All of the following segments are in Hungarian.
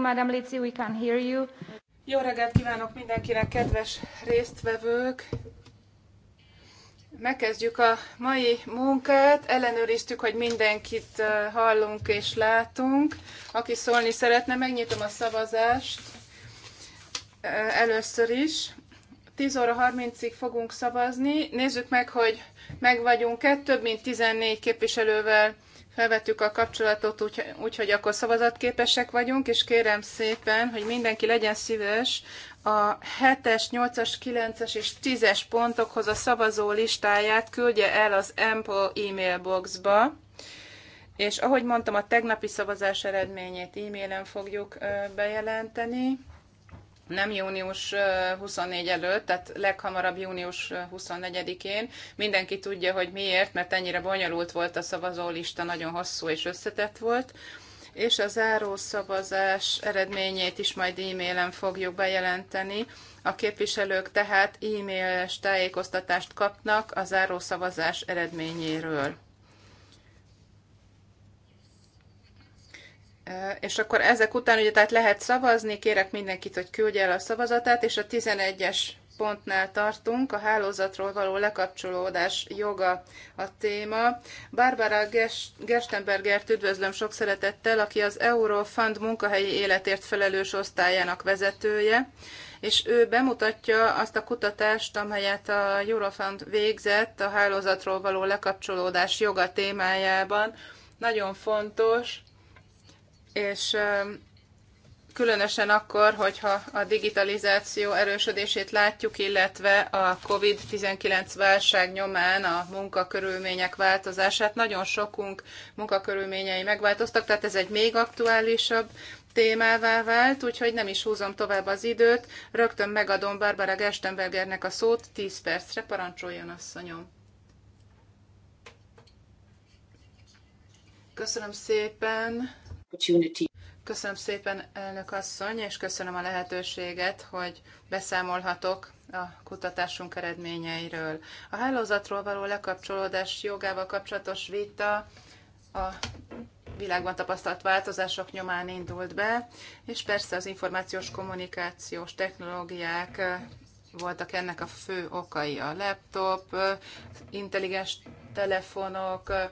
Madam Lici, we can hear you. Jó reggelt kívánok mindenkinek, kedves résztvevők! Megkezdjük a mai munkát. Ellenőriztük, hogy mindenkit hallunk és látunk. Aki szólni szeretne, megnyitom a szavazást először is. 10 óra 30-ig fogunk szavazni. Nézzük meg, hogy meg vagyunk-e. Több mint 14 képviselővel felvettük a kapcsolatot, úgyhogy úgy, akkor szavazatképesek vagyunk, és kérem szépen, hogy mindenki legyen szíves a 7-es, 8-as, 9-es és 10-es pontokhoz a szavazó listáját küldje el az Ample e-mail boxba, és ahogy mondtam, a tegnapi szavazás eredményét e-mailen fogjuk bejelenteni nem június 24 előtt, tehát leghamarabb június 24-én. Mindenki tudja, hogy miért, mert ennyire bonyolult volt a szavazólista, nagyon hosszú és összetett volt és a záró szavazás eredményét is majd e-mailen fogjuk bejelenteni. A képviselők tehát e-mailes tájékoztatást kapnak a záró szavazás eredményéről. És akkor ezek után ugye tehát lehet szavazni, kérek mindenkit, hogy küldje el a szavazatát, és a 11-es pontnál tartunk, a hálózatról való lekapcsolódás joga a téma. Barbara Gerstenbergert üdvözlöm sok szeretettel, aki az Eurofund munkahelyi életért felelős osztályának vezetője, és ő bemutatja azt a kutatást, amelyet a Eurofund végzett a hálózatról való lekapcsolódás joga témájában. Nagyon fontos, és különösen akkor, hogyha a digitalizáció erősödését látjuk, illetve a COVID-19 válság nyomán a munkakörülmények változását, nagyon sokunk munkakörülményei megváltoztak, tehát ez egy még aktuálisabb témává vált, úgyhogy nem is húzom tovább az időt, rögtön megadom Barbara Gerstenbergernek a szót, 10 percre parancsoljon asszonyom. Köszönöm szépen! opportunity. Köszönöm szépen, elnök asszony, és köszönöm a lehetőséget, hogy beszámolhatok a kutatásunk eredményeiről. A hálózatról való lekapcsolódás jogával kapcsolatos vita a világban tapasztalt változások nyomán indult be, és persze az információs kommunikációs technológiák eh, voltak ennek a fő okai. A laptop, eh, intelligens telefonok, eh,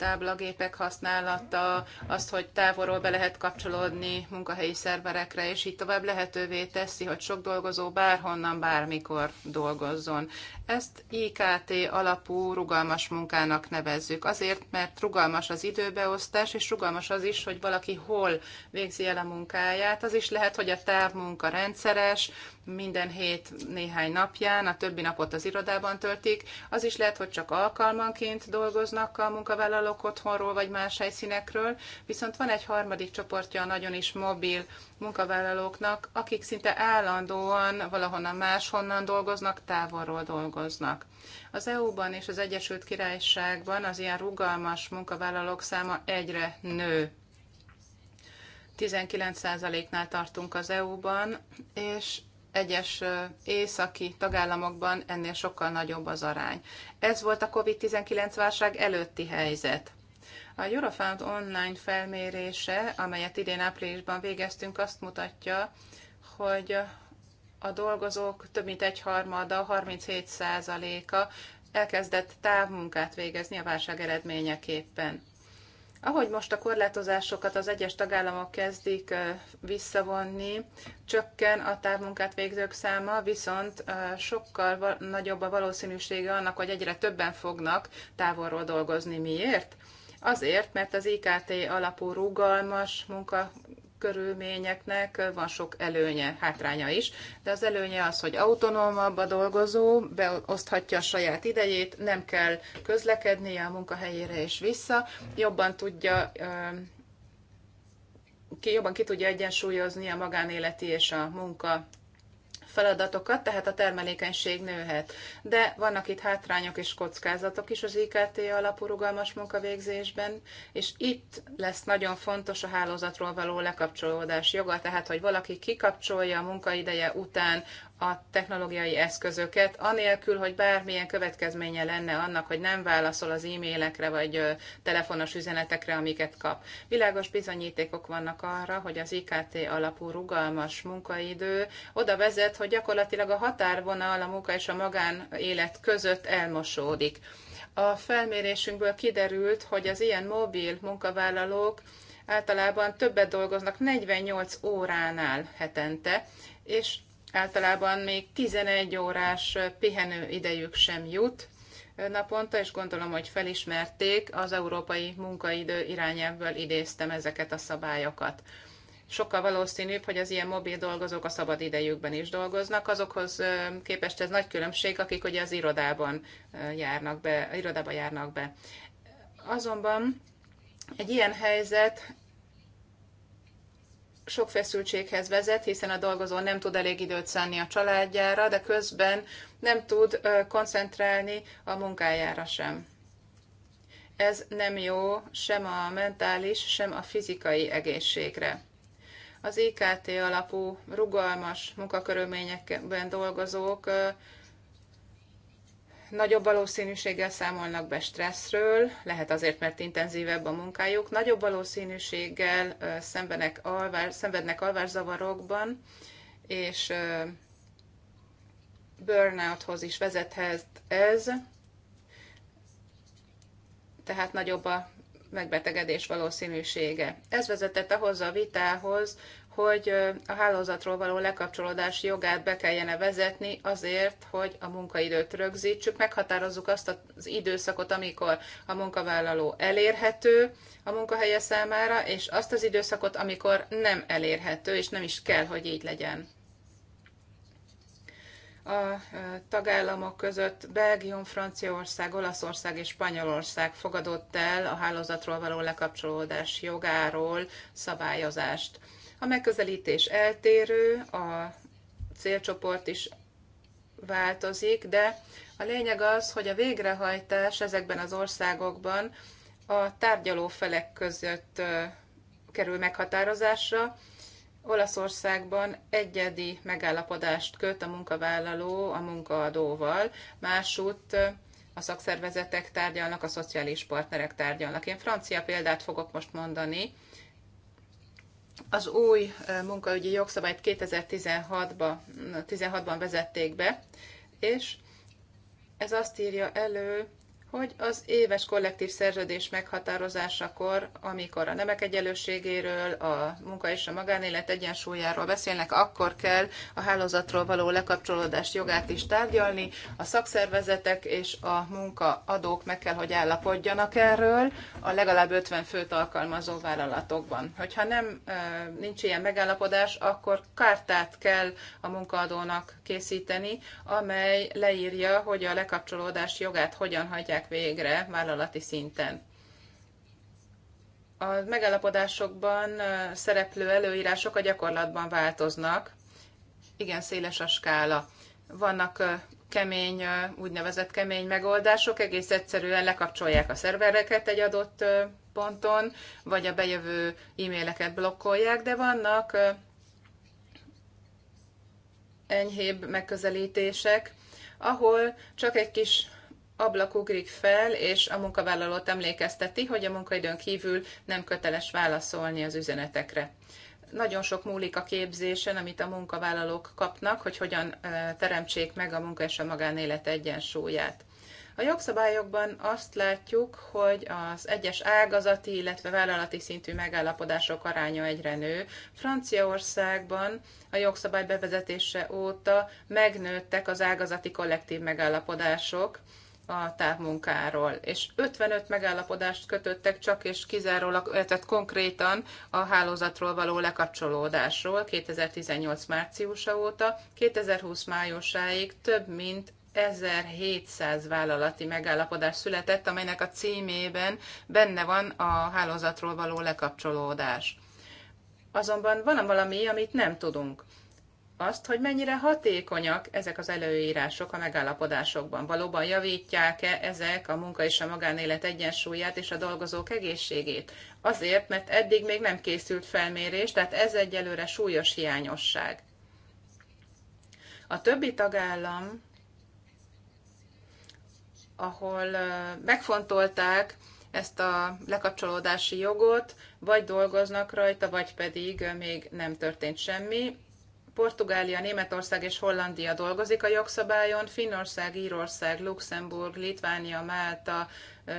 táblagépek használata, azt, hogy távolról be lehet kapcsolódni munkahelyi szerverekre, és így tovább lehetővé teszi, hogy sok dolgozó bárhonnan, bármikor dolgozzon. Ezt IKT alapú rugalmas munkának nevezzük, azért, mert rugalmas az időbeosztás, és rugalmas az is, hogy valaki hol végzi el a munkáját. Az is lehet, hogy a távmunka rendszeres, minden hét néhány napján, a többi napot az irodában töltik. Az is lehet, hogy csak alkalmanként dolgoznak a munkavállalók otthonról vagy más helyszínekről, viszont van egy harmadik csoportja a nagyon is mobil munkavállalóknak, akik szinte állandóan valahonnan máshonnan dolgoznak, távolról dolgoznak. Az EU-ban és az Egyesült Királyságban az ilyen rugalmas munkavállalók száma egyre nő. 19%-nál tartunk az EU-ban, és egyes északi tagállamokban ennél sokkal nagyobb az arány. Ez volt a COVID-19 válság előtti helyzet. A Eurofound online felmérése, amelyet idén áprilisban végeztünk, azt mutatja, hogy a dolgozók több mint egyharmada, 37 százaléka elkezdett távmunkát végezni a válság eredményeképpen. Ahogy most a korlátozásokat az egyes tagállamok kezdik visszavonni, csökken a távmunkát végzők száma, viszont sokkal nagyobb a valószínűsége annak, hogy egyre többen fognak távolról dolgozni. Miért? Azért, mert az IKT alapú rugalmas munka körülményeknek van sok előnye, hátránya is, de az előnye az, hogy autonómabb a dolgozó, beoszthatja a saját idejét, nem kell közlekednie a munkahelyére és vissza, jobban tudja ki, jobban ki tudja egyensúlyozni a magánéleti és a munka feladatokat, tehát a termelékenység nőhet. De vannak itt hátrányok és kockázatok is az IKT alapú rugalmas munkavégzésben, és itt lesz nagyon fontos a hálózatról való lekapcsolódás joga, tehát hogy valaki kikapcsolja a munkaideje után a technológiai eszközöket, anélkül, hogy bármilyen következménye lenne annak, hogy nem válaszol az e-mailekre vagy telefonos üzenetekre, amiket kap. Világos bizonyítékok vannak arra, hogy az IKT alapú rugalmas munkaidő oda vezet, hogy gyakorlatilag a határvonal a munka és a magánélet között elmosódik. A felmérésünkből kiderült, hogy az ilyen mobil munkavállalók általában többet dolgoznak 48 óránál hetente, és általában még 11 órás pihenő idejük sem jut naponta, és gondolom, hogy felismerték, az európai munkaidő irányelvből idéztem ezeket a szabályokat. Sokkal valószínűbb, hogy az ilyen mobil dolgozók a szabad idejükben is dolgoznak, azokhoz képest ez nagy különbség, akik ugye az irodában járnak be, irodába járnak be. Azonban egy ilyen helyzet sok feszültséghez vezet, hiszen a dolgozó nem tud elég időt szánni a családjára, de közben nem tud koncentrálni a munkájára sem. Ez nem jó sem a mentális, sem a fizikai egészségre. Az IKT alapú, rugalmas munkakörülményekben dolgozók nagyobb valószínűséggel számolnak be stresszről, lehet azért, mert intenzívebb a munkájuk, nagyobb valószínűséggel szenvednek, alvár, szenvednek alvárzavarokban, és burnouthoz is vezethet ez, tehát nagyobb a megbetegedés valószínűsége. Ez vezetett ahhoz a vitához, hogy a hálózatról való lekapcsolódás jogát be kellene vezetni azért, hogy a munkaidőt rögzítsük, meghatározzuk azt az időszakot, amikor a munkavállaló elérhető a munkahelye számára, és azt az időszakot, amikor nem elérhető, és nem is kell, hogy így legyen a tagállamok között Belgium, Franciaország, Olaszország és Spanyolország fogadott el a hálózatról való lekapcsolódás jogáról szabályozást. A megközelítés eltérő, a célcsoport is változik, de a lényeg az, hogy a végrehajtás ezekben az országokban a tárgyaló felek között kerül meghatározásra. Olaszországban egyedi megállapodást köt a munkavállaló a munkaadóval, másút a szakszervezetek tárgyalnak, a szociális partnerek tárgyalnak. Én francia példát fogok most mondani, az új munkaügyi jogszabályt 2016-ban 16 vezették be, és ez azt írja elő, hogy az éves kollektív szerződés meghatározásakor, amikor a nemek egyenlőségéről, a munka és a magánélet egyensúlyáról beszélnek, akkor kell a hálózatról való lekapcsolódás jogát is tárgyalni. A szakszervezetek és a munkaadók meg kell, hogy állapodjanak erről a legalább 50 főt alkalmazó vállalatokban. Hogyha nem nincs ilyen megállapodás, akkor kártát kell a munkaadónak készíteni, amely leírja, hogy a lekapcsolódás jogát hogyan hagyják hajtják végre vállalati szinten. A megállapodásokban szereplő előírások a gyakorlatban változnak. Igen, széles a skála. Vannak kemény, úgynevezett kemény megoldások, egész egyszerűen lekapcsolják a szervereket egy adott ponton, vagy a bejövő e-maileket blokkolják, de vannak enyhébb megközelítések, ahol csak egy kis ablak ugrik fel, és a munkavállalót emlékezteti, hogy a munkaidőn kívül nem köteles válaszolni az üzenetekre. Nagyon sok múlik a képzésen, amit a munkavállalók kapnak, hogy hogyan teremtsék meg a munka és a magánélet egyensúlyát. A jogszabályokban azt látjuk, hogy az egyes ágazati, illetve vállalati szintű megállapodások aránya egyre nő. Franciaországban a jogszabály bevezetése óta megnőttek az ágazati kollektív megállapodások, a távmunkáról, és 55 megállapodást kötöttek csak és kizárólag, eh, tehát konkrétan a hálózatról való lekapcsolódásról 2018 márciusa óta, 2020 májusáig több mint 1700 vállalati megállapodás született, amelynek a címében benne van a hálózatról való lekapcsolódás. Azonban van valami, amit nem tudunk azt, hogy mennyire hatékonyak ezek az előírások a megállapodásokban. Valóban javítják-e ezek a munka és a magánélet egyensúlyát és a dolgozók egészségét? Azért, mert eddig még nem készült felmérés, tehát ez egyelőre súlyos hiányosság. A többi tagállam, ahol megfontolták ezt a lekapcsolódási jogot, vagy dolgoznak rajta, vagy pedig még nem történt semmi Portugália, Németország és Hollandia dolgozik a jogszabályon, Finnország, Írország, Luxemburg, Litvánia, Málta,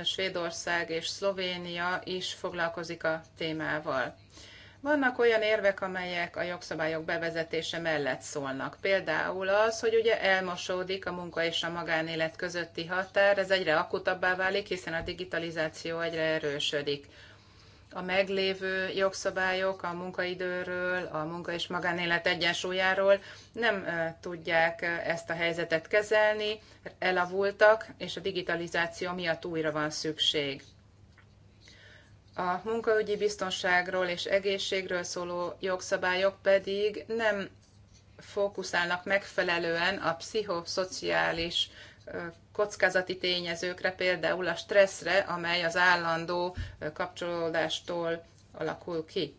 Svédország és Szlovénia is foglalkozik a témával. Vannak olyan érvek, amelyek a jogszabályok bevezetése mellett szólnak. Például az, hogy ugye elmosódik a munka és a magánélet közötti határ, ez egyre akutabbá válik, hiszen a digitalizáció egyre erősödik a meglévő jogszabályok a munkaidőről, a munka és magánélet egyensúlyáról nem tudják ezt a helyzetet kezelni, elavultak, és a digitalizáció miatt újra van szükség. A munkaügyi biztonságról és egészségről szóló jogszabályok pedig nem fókuszálnak megfelelően a pszichoszociális kockázati tényezőkre, például a stresszre, amely az állandó kapcsolódástól alakul ki.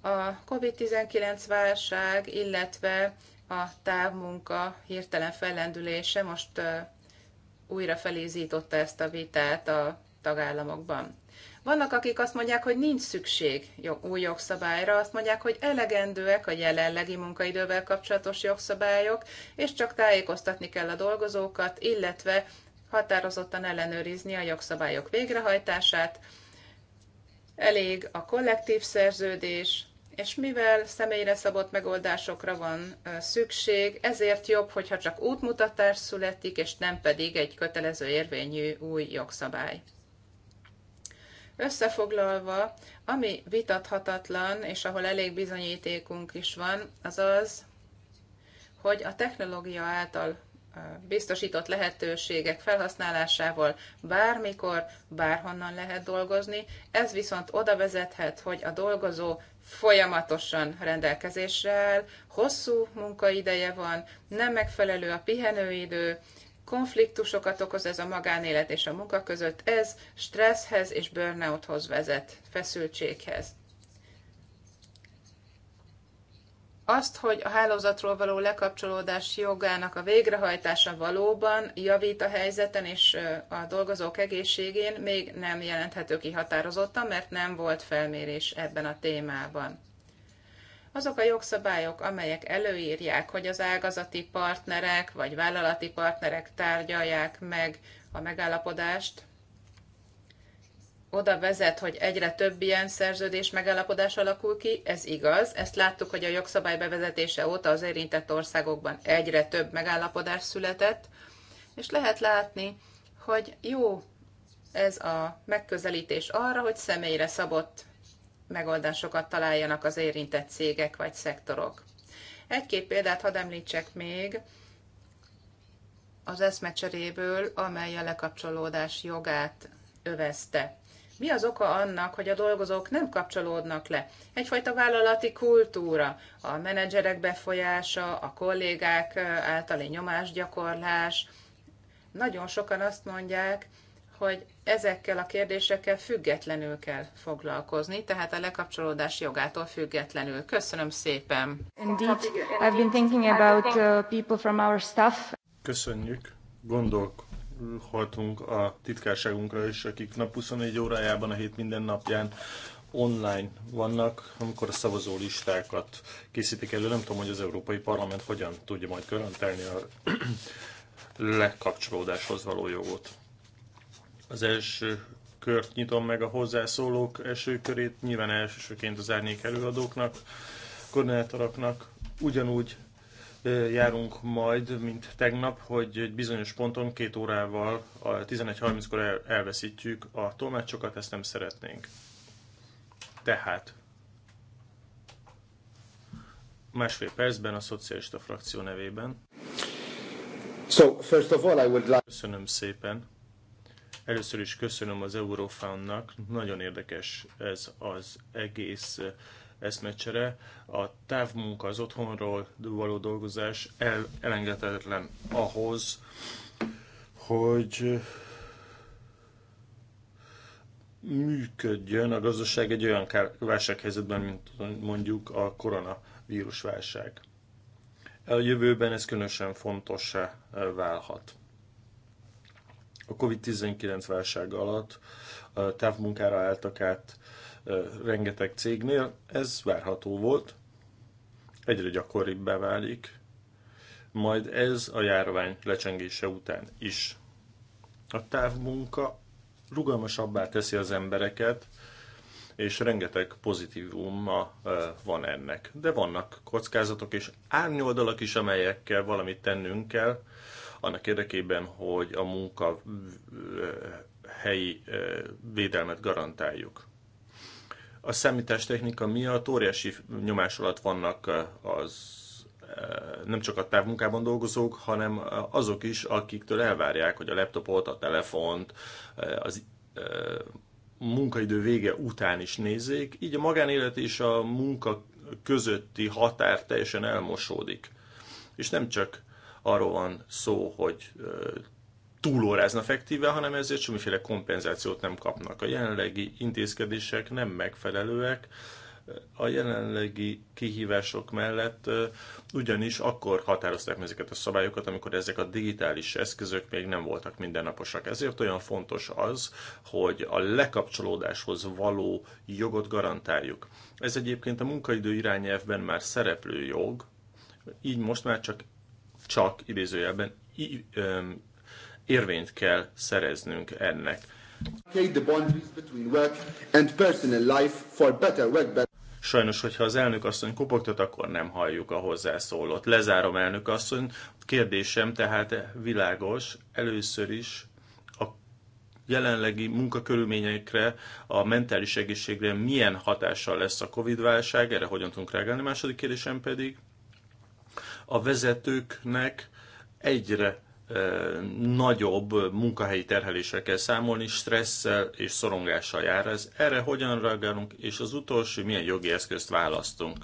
A COVID-19 válság, illetve a távmunka hirtelen fellendülése most újra felézította ezt a vitát a tagállamokban. Vannak, akik azt mondják, hogy nincs szükség új jogszabályra, azt mondják, hogy elegendőek a jelenlegi munkaidővel kapcsolatos jogszabályok, és csak tájékoztatni kell a dolgozókat, illetve határozottan ellenőrizni a jogszabályok végrehajtását. Elég a kollektív szerződés, és mivel személyre szabott megoldásokra van szükség, ezért jobb, hogyha csak útmutatás születik, és nem pedig egy kötelező érvényű új jogszabály. Összefoglalva, ami vitathatatlan, és ahol elég bizonyítékunk is van, az az, hogy a technológia által biztosított lehetőségek felhasználásával bármikor, bárhonnan lehet dolgozni. Ez viszont oda vezethet, hogy a dolgozó folyamatosan rendelkezésre áll, hosszú munkaideje van, nem megfelelő a pihenőidő, konfliktusokat okoz ez a magánélet és a munka között, ez stresszhez és burnouthoz vezet, feszültséghez. Azt, hogy a hálózatról való lekapcsolódás jogának a végrehajtása valóban javít a helyzeten és a dolgozók egészségén, még nem jelenthető ki határozottan, mert nem volt felmérés ebben a témában azok a jogszabályok, amelyek előírják, hogy az ágazati partnerek vagy vállalati partnerek tárgyalják meg a megállapodást, oda vezet, hogy egyre több ilyen szerződés megállapodás alakul ki, ez igaz. Ezt láttuk, hogy a jogszabály bevezetése óta az érintett országokban egyre több megállapodás született, és lehet látni, hogy jó ez a megközelítés arra, hogy személyre szabott megoldásokat találjanak az érintett cégek vagy szektorok. Egy-két példát hadd említsek még az eszmecseréből, amely a lekapcsolódás jogát övezte. Mi az oka annak, hogy a dolgozók nem kapcsolódnak le? Egyfajta vállalati kultúra, a menedzserek befolyása, a kollégák általi nyomásgyakorlás. Nagyon sokan azt mondják, hogy ezekkel a kérdésekkel függetlenül kell foglalkozni, tehát a lekapcsolódás jogától függetlenül. Köszönöm szépen. Indeed, I've been thinking about uh, people from our staff. Köszönjük. Gondolhatunk a titkárságunkra is, akik nap 24 órájában a hét minden napján online vannak, amikor a szavazó listákat készítik elő. Nem tudom, hogy az Európai Parlament hogyan tudja majd garantálni a lekapcsolódáshoz való jogot. Az első kört nyitom meg a hozzászólók körét nyilván elsősöként az árnyék előadóknak, koordinátoroknak. Ugyanúgy járunk majd, mint tegnap, hogy egy bizonyos ponton két órával, 11.30-kor elveszítjük a tolmácsokat, ezt nem szeretnénk. Tehát másfél percben a szocialista frakció nevében. So, first of all, I would like... Köszönöm szépen. Először is köszönöm az Eurofoundnak, nagyon érdekes ez az egész eh, eszmecsere. A távmunka, az otthonról való dolgozás el, elengedhetetlen ahhoz, hogy eh, működjön a gazdaság egy olyan válsághelyzetben, mint mondjuk a koronavírus válság. A jövőben ez különösen fontossá eh, válhat. A COVID-19 válság alatt a távmunkára álltak át rengeteg cégnél, ez várható volt, egyre gyakoribbá válik, majd ez a járvány lecsengése után is. A távmunka rugalmasabbá teszi az embereket, és rengeteg pozitívuma van ennek. De vannak kockázatok és árnyoldalak is, amelyekkel valamit tennünk kell annak érdekében, hogy a munka helyi védelmet garantáljuk. A számítástechnika miatt óriási nyomás alatt vannak az nem csak a távmunkában dolgozók, hanem azok is, akiktől elvárják, hogy a laptopot, a telefont, az munkaidő vége után is nézzék, így a magánélet és a munka közötti határ teljesen elmosódik. És nem csak arról van szó, hogy túlórázna effektíve, hanem ezért semmiféle kompenzációt nem kapnak. A jelenlegi intézkedések nem megfelelőek, a jelenlegi kihívások mellett ugyanis akkor határozták meg ezeket a szabályokat, amikor ezek a digitális eszközök még nem voltak mindennaposak. Ezért olyan fontos az, hogy a lekapcsolódáshoz való jogot garantáljuk. Ez egyébként a munkaidő irányelvben már szereplő jog, így most már csak csak idézőjelben érvényt kell szereznünk ennek. Sajnos, hogyha az elnök asszony kopogtat, akkor nem halljuk a hozzászólót. Lezárom elnök asszony. Kérdésem tehát világos. Először is a jelenlegi munkakörülményekre, a mentális egészségre milyen hatással lesz a Covid-válság, erre hogyan tudunk reagálni. Második kérdésem pedig, a vezetőknek egyre eh, nagyobb munkahelyi terhelésre kell számolni, stresszel és szorongással jár ez. Erre hogyan reagálunk, és az utolsó, milyen jogi eszközt választunk?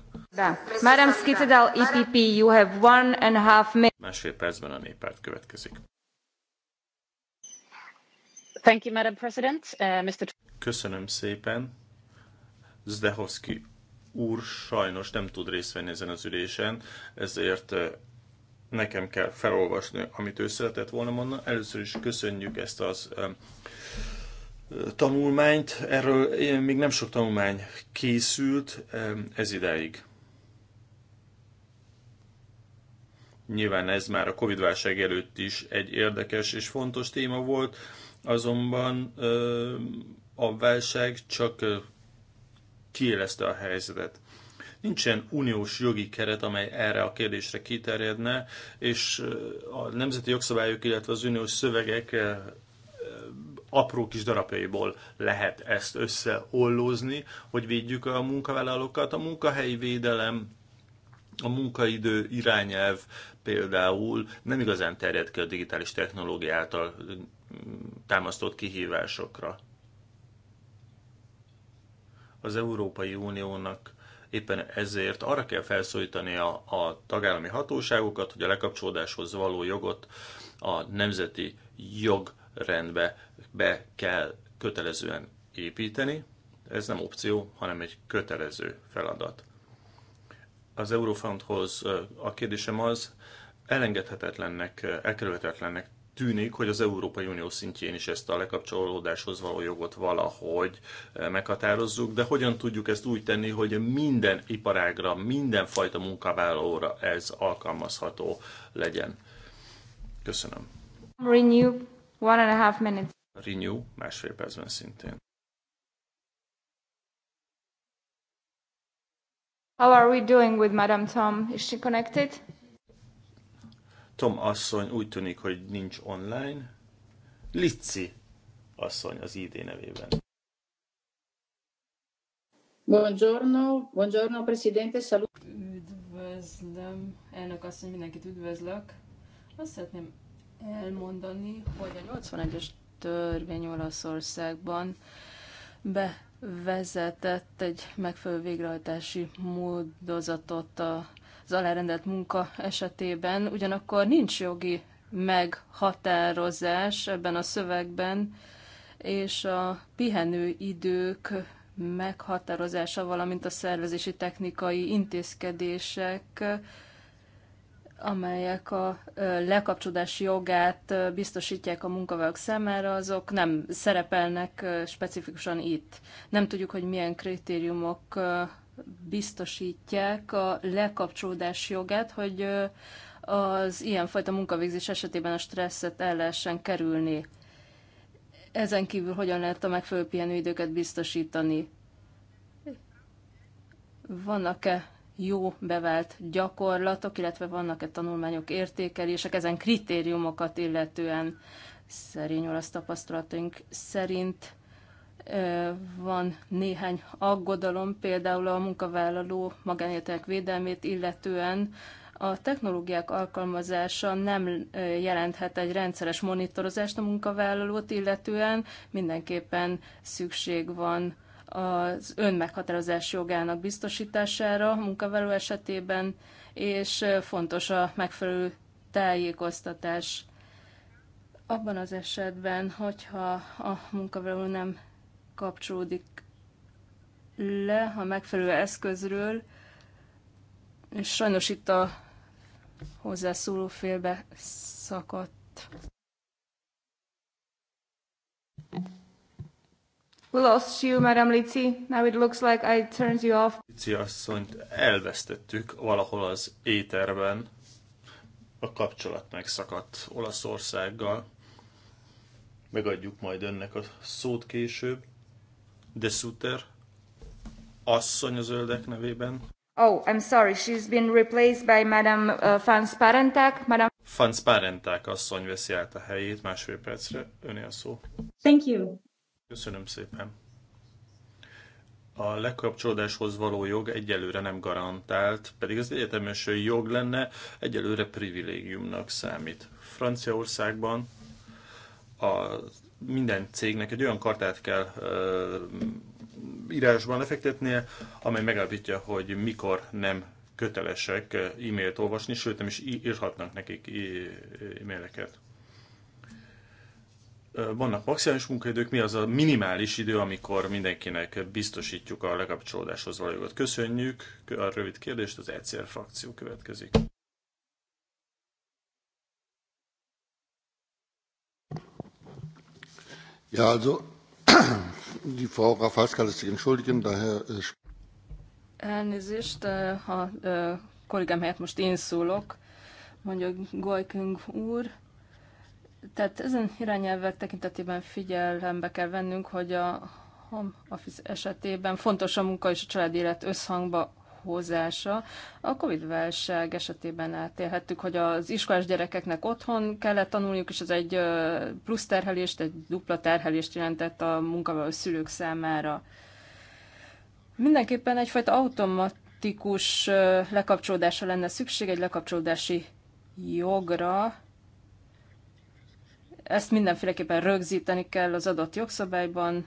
Madam Skitedal, EPP, you have one and a half minute. Másfél percben a néppárt következik. Thank you, Madam President. Uh, Mr. Köszönöm szépen. Zdehovszki úr sajnos nem tud részt venni ezen az ülésen, ezért nekem kell felolvasni, amit ő szeretett volna mondani. Először is köszönjük ezt az tanulmányt. Erről még nem sok tanulmány készült ez ideig. Nyilván ez már a Covid-válság előtt is egy érdekes és fontos téma volt, azonban a válság csak kiélezte a helyzetet. Nincsen uniós jogi keret, amely erre a kérdésre kiterjedne, és a nemzeti jogszabályok, illetve az uniós szövegek apró kis darabjaiból lehet ezt összeollózni, hogy védjük a munkavállalókat. A munkahelyi védelem, a munkaidő irányelv például nem igazán terjed ki a digitális technológia által támasztott kihívásokra. Az Európai Uniónak éppen ezért arra kell felszólítani a, a tagállami hatóságokat, hogy a lekapcsolódáshoz való jogot a nemzeti jogrendbe be kell kötelezően építeni. Ez nem opció, hanem egy kötelező feladat. Az Eurofondhoz a kérdésem az, elengedhetetlennek, elkerülhetetlennek tűnik, hogy az Európai Unió szintjén is ezt a lekapcsolódáshoz való jogot valahogy eh, meghatározzuk, de hogyan tudjuk ezt úgy tenni, hogy minden iparágra, mindenfajta munkavállalóra ez alkalmazható legyen. Köszönöm. Renew, one and a half minutes. Renew, másfél percben szintén. How are we doing with Madame Tom? Is she connected? Tom asszony úgy tűnik, hogy nincs online. Lici asszony az ID nevében. Buongiorno, buongiorno presidente, salut. Üdvözlöm, elnök asszony, mindenkit üdvözlök. Azt szeretném elmondani, hogy a 81-es törvény Olaszországban bevezetett egy megfelelő végrehajtási módozatot a az alárendelt munka esetében, ugyanakkor nincs jogi meghatározás ebben a szövegben, és a pihenőidők meghatározása, valamint a szervezési technikai intézkedések, amelyek a lekapcsolódás jogát biztosítják a munkavállalók számára, azok nem szerepelnek specifikusan itt. Nem tudjuk, hogy milyen kritériumok biztosítják a lekapcsolódás jogát, hogy az ilyenfajta munkavégzés esetében a stresszet el lehessen kerülni. Ezen kívül hogyan lehet a megfelelő pihenőidőket biztosítani? Vannak-e jó bevált gyakorlatok, illetve vannak-e tanulmányok, értékelések ezen kritériumokat illetően? Szerény olasz tapasztalatunk szerint van néhány aggodalom, például a munkavállaló magánéletek védelmét illetően, a technológiák alkalmazása nem jelenthet egy rendszeres monitorozást a munkavállalót illetően, mindenképpen szükség van az önmeghatározás jogának biztosítására a munkavállaló esetében, és fontos a megfelelő tájékoztatás abban az esetben, hogyha a munkavállaló nem kapcsolódik le a megfelelő eszközről, és sajnos itt a hozzászóló félbe szakadt. We lost you, Madam Lici. Now it looks like I turned you off. Lici asszonyt elvesztettük valahol az éterben. A kapcsolat megszakadt Olaszországgal. Megadjuk majd önnek a szót később. De Suter, asszony az öldek nevében. Oh, I'm sorry, she's been replaced by Madame uh, Fans Parentak. Madame... Fans Parentak asszony veszi át a helyét másfél percre. Öné a szó. Thank you. Köszönöm szépen. A lekapcsolódáshoz való jog egyelőre nem garantált, pedig az egyetemes jog lenne, egyelőre privilégiumnak számít. Franciaországban az minden cégnek egy olyan kartát kell írásban lefektetnie, amely megállapítja, hogy mikor nem kötelesek e-mailt olvasni, sőt nem is írhatnak nekik e-maileket. Vannak maximális munkaidők, mi az a minimális idő, amikor mindenkinek biztosítjuk a lekapcsolódáshoz való jogot. Köszönjük a rövid kérdést, az ECR frakció következik. Ja, also, die Frau Rafalska lässt sich entschuldigen, daher... Äh, Elnézést, äh, ha äh, kollégám helyett most én szólok, mondja Goykung úr. Tehát ezen irányelvek tekintetében figyelembe kell vennünk, hogy a home office esetében fontos a munka és a család élet összhangba hozása. A Covid-válság esetében átélhettük, hogy az iskolás gyerekeknek otthon kellett tanulniuk, és ez egy plusz terhelést, egy dupla terhelést jelentett a munkavállaló szülők számára. Mindenképpen egyfajta automatikus lekapcsolódásra lenne szükség, egy lekapcsolódási jogra, ezt mindenféleképpen rögzíteni kell az adott jogszabályban,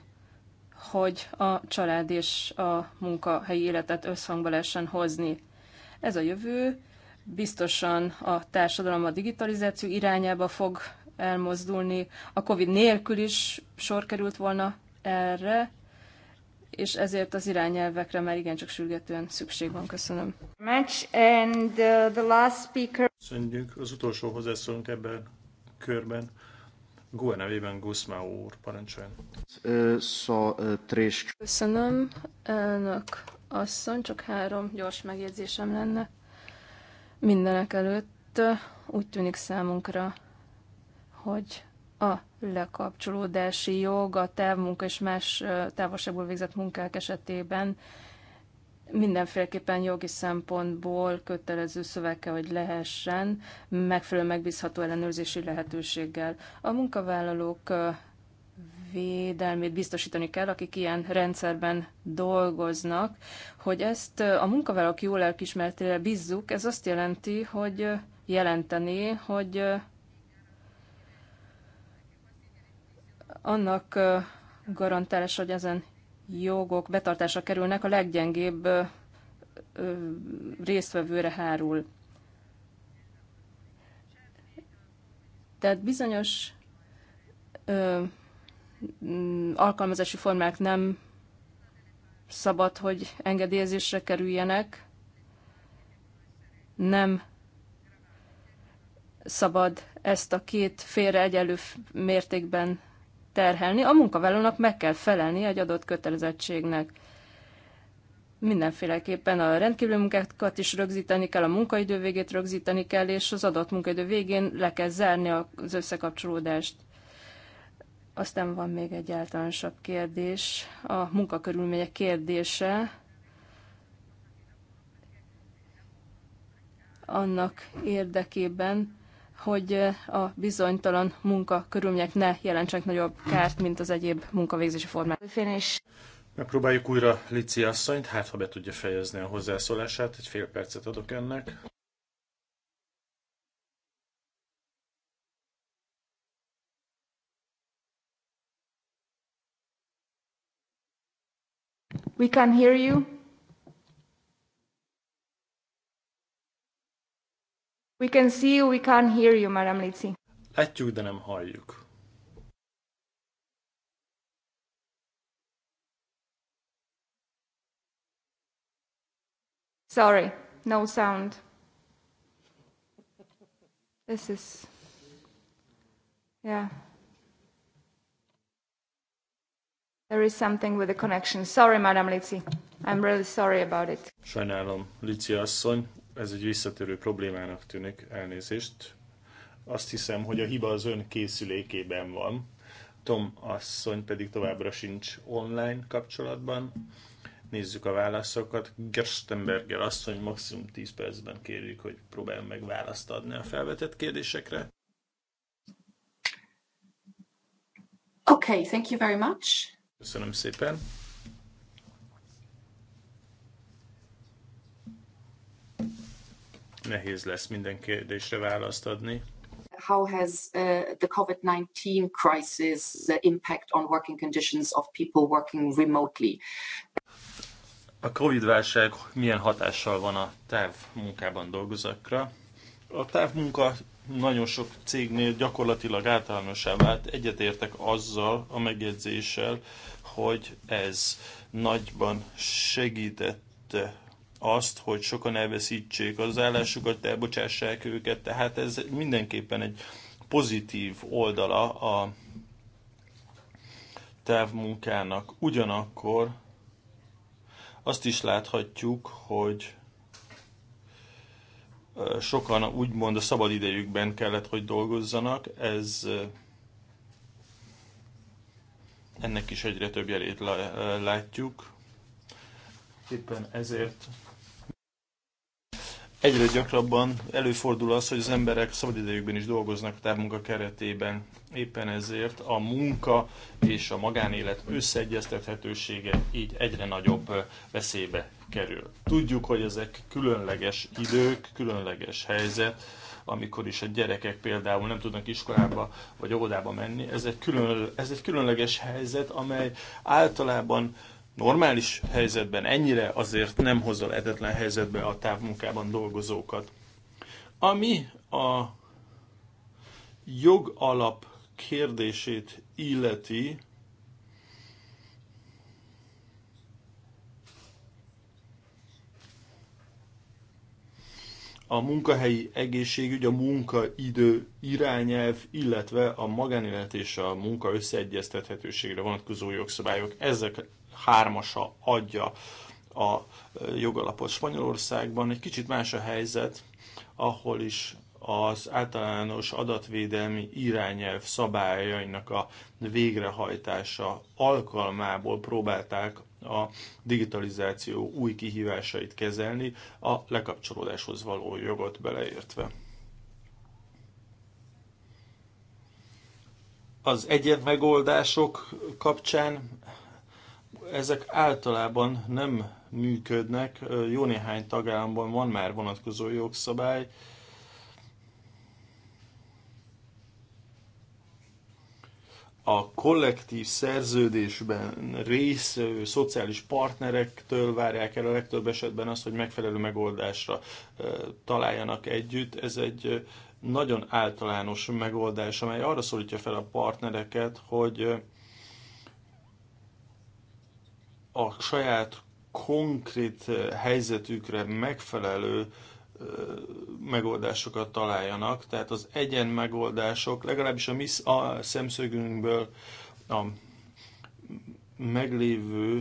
hogy a család és a munkahelyi életet összhangba lehessen hozni. Ez a jövő biztosan a társadalom a digitalizáció irányába fog elmozdulni. A COVID nélkül is sor került volna erre, és ezért az irányelvekre már igencsak sürgetően szükség van. Köszönöm. Uh, Köszönjük. Az utolsó hozzászólunk ebben körben GUE nevében Guzmán úr, parancsoljon. Köszönöm, elnök asszony, csak három gyors megjegyzésem lenne. Mindenek előtt úgy tűnik számunkra, hogy a lekapcsolódási jog a távmunka és más távolságból végzett munkák esetében mindenféleképpen jogi szempontból kötelező szöveg kell, hogy lehessen, megfelelő megbízható ellenőrzési lehetőséggel. A munkavállalók védelmét biztosítani kell, akik ilyen rendszerben dolgoznak, hogy ezt a munkavállalók jó elkismertére bízzuk, ez azt jelenti, hogy jelenteni, hogy annak garantálása, hogy ezen jogok betartása kerülnek, a leggyengébb résztvevőre hárul. Tehát bizonyos ö, alkalmazási formák nem szabad, hogy engedélyezésre kerüljenek, nem szabad ezt a két félre egyenlő mértékben terhelni, a munkavállalónak meg kell felelni egy adott kötelezettségnek. Mindenféleképpen a rendkívüli munkákat is rögzíteni kell, a munkaidő végét rögzíteni kell, és az adott munkaidő végén le kell zárni az összekapcsolódást. Aztán van még egy általánosabb kérdés, a munkakörülmények kérdése. Annak érdekében, hogy a bizonytalan munkakörülmények ne jelentsenek nagyobb kárt, mint az egyéb munkavégzési formák. Megpróbáljuk újra Lici asszonyt, hát ha be tudja fejezni a hozzászólását, egy fél percet adok ennek. We can hear you. We can see you, we can't hear you, Madame Lici. Látjuk, de nem halljuk. Sorry, no sound. This is, yeah. There is something with the connection. Sorry, Madame Lici. I'm really sorry about it. Sajnálom, Lici asszony ez egy visszatérő problémának tűnik, elnézést. Azt hiszem, hogy a hiba az ön készülékében van. Tom asszony pedig továbbra sincs online kapcsolatban. Nézzük a válaszokat. Gerstenberger asszony maximum 10 percben kérjük, hogy próbál meg választ adni a felvetett kérdésekre. Okay, thank you very much. Köszönöm szépen. nehéz lesz minden kérdésre választ adni. How has uh, the COVID-19 crisis the uh, impact on working conditions of people working remotely? A COVID-válság milyen hatással van a távmunkában dolgozókra? A távmunka nagyon sok cégnél gyakorlatilag általánosá vált. Egyetértek azzal a megjegyzéssel, hogy ez nagyban segítette azt, hogy sokan elveszítsék az állásukat, elbocsássák őket, tehát ez mindenképpen egy pozitív oldala a távmunkának. Ugyanakkor azt is láthatjuk, hogy sokan úgymond a szabadidejükben kellett, hogy dolgozzanak, ez ennek is egyre több jelét látjuk. Éppen ezért Egyre gyakrabban előfordul az, hogy az emberek szabadidejükben is dolgoznak a távmunka keretében. Éppen ezért a munka és a magánélet összeegyeztethetősége így egyre nagyobb veszélybe kerül. Tudjuk, hogy ezek különleges idők, különleges helyzet, amikor is a gyerekek például nem tudnak iskolába vagy óvodába menni. Ez egy, külön, ez egy különleges helyzet, amely általában normális helyzetben ennyire azért nem hozza lehetetlen helyzetbe a távmunkában dolgozókat. Ami a jogalap kérdését illeti, a munkahelyi egészségügy, a munkaidő irányelv, illetve a magánélet és a munka összeegyeztethetőségre vonatkozó jogszabályok. Ezek hármasa adja a jogalapot Spanyolországban. Egy kicsit más a helyzet, ahol is az általános adatvédelmi irányelv szabályainak a végrehajtása alkalmából próbálták a digitalizáció új kihívásait kezelni, a lekapcsolódáshoz való jogot beleértve. Az egyet megoldások kapcsán ezek általában nem működnek. Jó néhány tagállamban van már vonatkozó jogszabály. A kollektív szerződésben rész szociális partnerektől várják el a legtöbb esetben azt, hogy megfelelő megoldásra találjanak együtt. Ez egy nagyon általános megoldás, amely arra szólítja fel a partnereket, hogy a saját konkrét eh, helyzetükre megfelelő eh, megoldásokat találjanak, tehát az egyen megoldások, legalábbis a mi a szemszögünkből a meglévő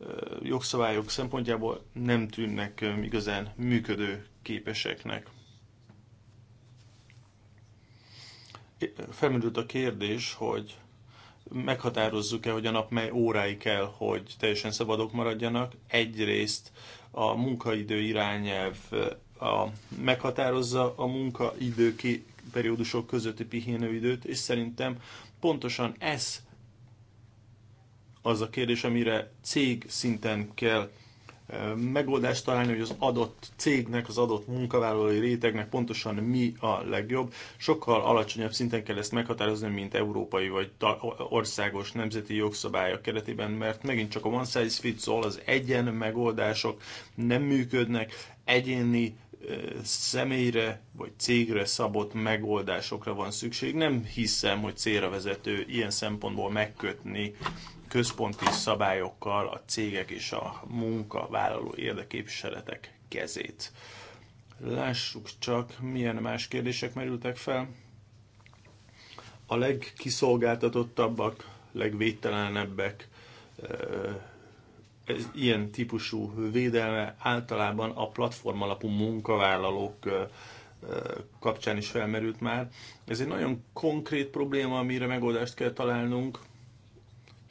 eh, jogszabályok szempontjából nem tűnnek igazán működő képeseknek. Felmerült a kérdés, hogy meghatározzuk-e, hogy a nap mely órái kell, hogy teljesen szabadok maradjanak. Egyrészt a munkaidő irányelv a, meghatározza a munkaidő periódusok közötti pihenőidőt, és szerintem pontosan ez az a kérdés, amire cég szinten kell megoldást találni, hogy az adott cégnek, az adott munkavállalói rétegnek pontosan mi a legjobb. Sokkal alacsonyabb szinten kell ezt meghatározni, mint európai vagy országos nemzeti jogszabályok keretében, mert megint csak a one size fits all, az egyen megoldások nem működnek, egyéni személyre vagy cégre szabott megoldásokra van szükség. Nem hiszem, hogy célra vezető ilyen szempontból megkötni központi szabályokkal a cégek és a munkavállaló érdeképviseletek kezét. Lássuk csak, milyen más kérdések merültek fel. A legkiszolgáltatottabbak, legvédtelenebbek, eh, ez ilyen típusú védelme általában a platform alapú munkavállalók eh, kapcsán is felmerült már. Ez egy nagyon konkrét probléma, amire megoldást kell találnunk.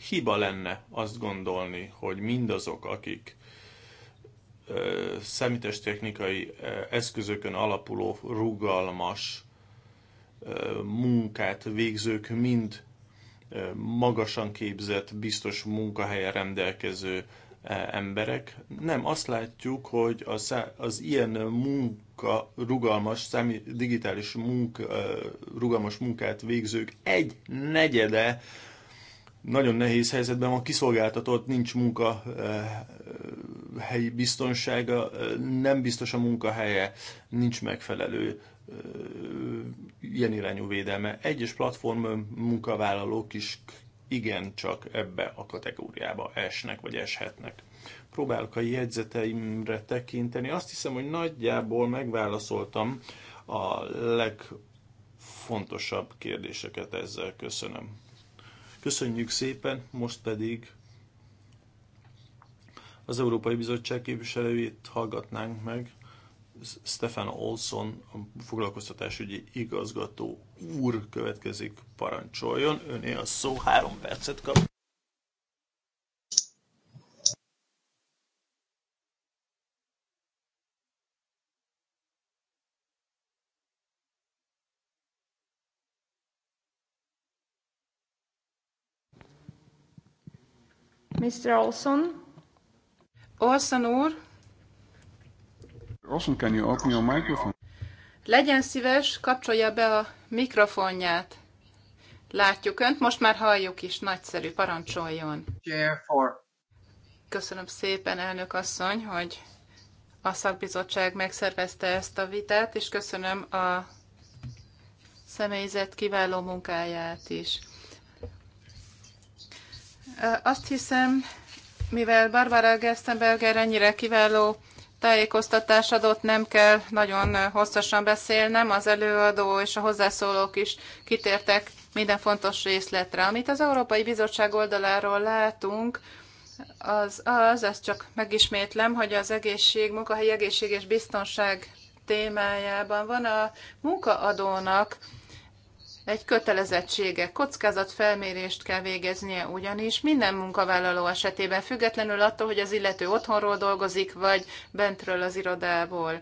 Hiba lenne azt gondolni, hogy mindazok, akik számítástechnikai eszközökön alapuló rugalmas munkát végzők mind magasan képzett, biztos munkahelye rendelkező e, emberek. Nem, azt látjuk, hogy az, az ilyen munka, rugalmas, digitális munka, rugalmas munkát végzők egy negyede nagyon nehéz helyzetben van, kiszolgáltatott, nincs munka eh, helyi biztonsága, eh, nem biztos a munkahelye, nincs megfelelő eh, ilyen irányú védelme. Egyes platform munkavállalók is igen csak ebbe a kategóriába esnek, vagy eshetnek. Próbálok a jegyzeteimre tekinteni. Azt hiszem, hogy nagyjából megválaszoltam a legfontosabb kérdéseket ezzel. Köszönöm. Köszönjük szépen, most pedig az Európai Bizottság képviselőjét hallgatnánk meg. Stefan Olson, a foglalkoztatásügyi igazgató úr következik, parancsoljon. Öné a szó, három percet kap. Mr. Olson. Olson úr. Olson, can you open your microphone? Legyen szíves, kapcsolja be a mikrofonját. Látjuk önt, most már halljuk is, nagyszerű, parancsoljon. Köszönöm szépen, elnök asszony, hogy a szakbizottság megszervezte ezt a vitát, és köszönöm a személyzet kiváló munkáját is. Azt hiszem, mivel Barbara Gerstenberger ennyire kiváló tájékoztatás adott, nem kell nagyon hosszasan beszélnem, az előadó és a hozzászólók is kitértek minden fontos részletre. Amit az Európai Bizottság oldaláról látunk, az az, ezt csak megismétlem, hogy az egészség, munkahelyi egészség és biztonság témájában van a munkaadónak egy kötelezettsége, kockázatfelmérést kell végeznie ugyanis minden munkavállaló esetében, függetlenül attól, hogy az illető otthonról dolgozik, vagy bentről az irodából.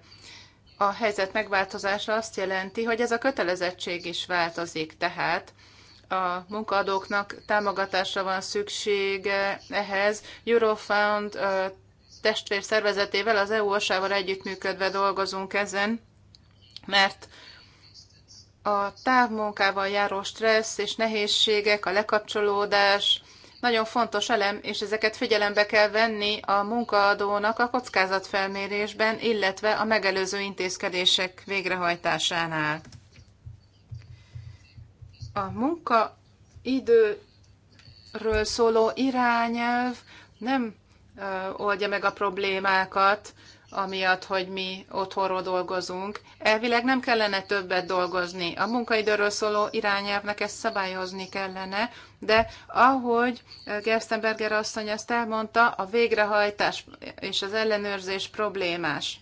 A helyzet megváltozása azt jelenti, hogy ez a kötelezettség is változik, tehát a munkaadóknak támogatásra van szüksége ehhez. Eurofound testvér szervezetével, az EU-osával együttműködve dolgozunk ezen, mert a távmunkával járó stressz és nehézségek, a lekapcsolódás nagyon fontos elem, és ezeket figyelembe kell venni a munkaadónak a kockázatfelmérésben, illetve a megelőző intézkedések végrehajtásánál. A munkaidőről szóló irányelv nem oldja meg a problémákat, amiatt, hogy mi otthonról dolgozunk. Elvileg nem kellene többet dolgozni. A munkaidőről szóló irányelvnek ezt szabályozni kellene, de ahogy Gerstenberger asszony ezt elmondta, a végrehajtás és az ellenőrzés problémás.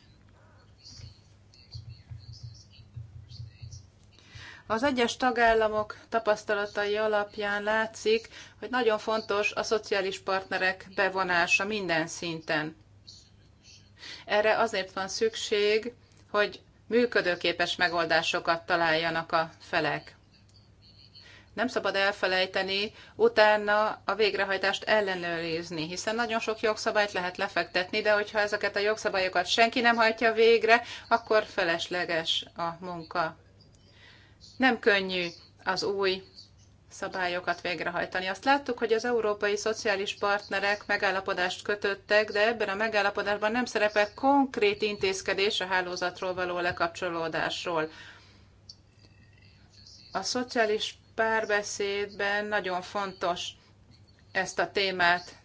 Az egyes tagállamok tapasztalatai alapján látszik, hogy nagyon fontos a szociális partnerek bevonása minden szinten. Erre azért van szükség, hogy működőképes megoldásokat találjanak a felek. Nem szabad elfelejteni, utána a végrehajtást ellenőrizni, hiszen nagyon sok jogszabályt lehet lefektetni, de hogyha ezeket a jogszabályokat senki nem hajtja végre, akkor felesleges a munka. Nem könnyű az új szabályokat végrehajtani. Azt láttuk, hogy az európai szociális partnerek megállapodást kötöttek, de ebben a megállapodásban nem szerepel konkrét intézkedés a hálózatról való lekapcsolódásról. A szociális párbeszédben nagyon fontos ezt a témát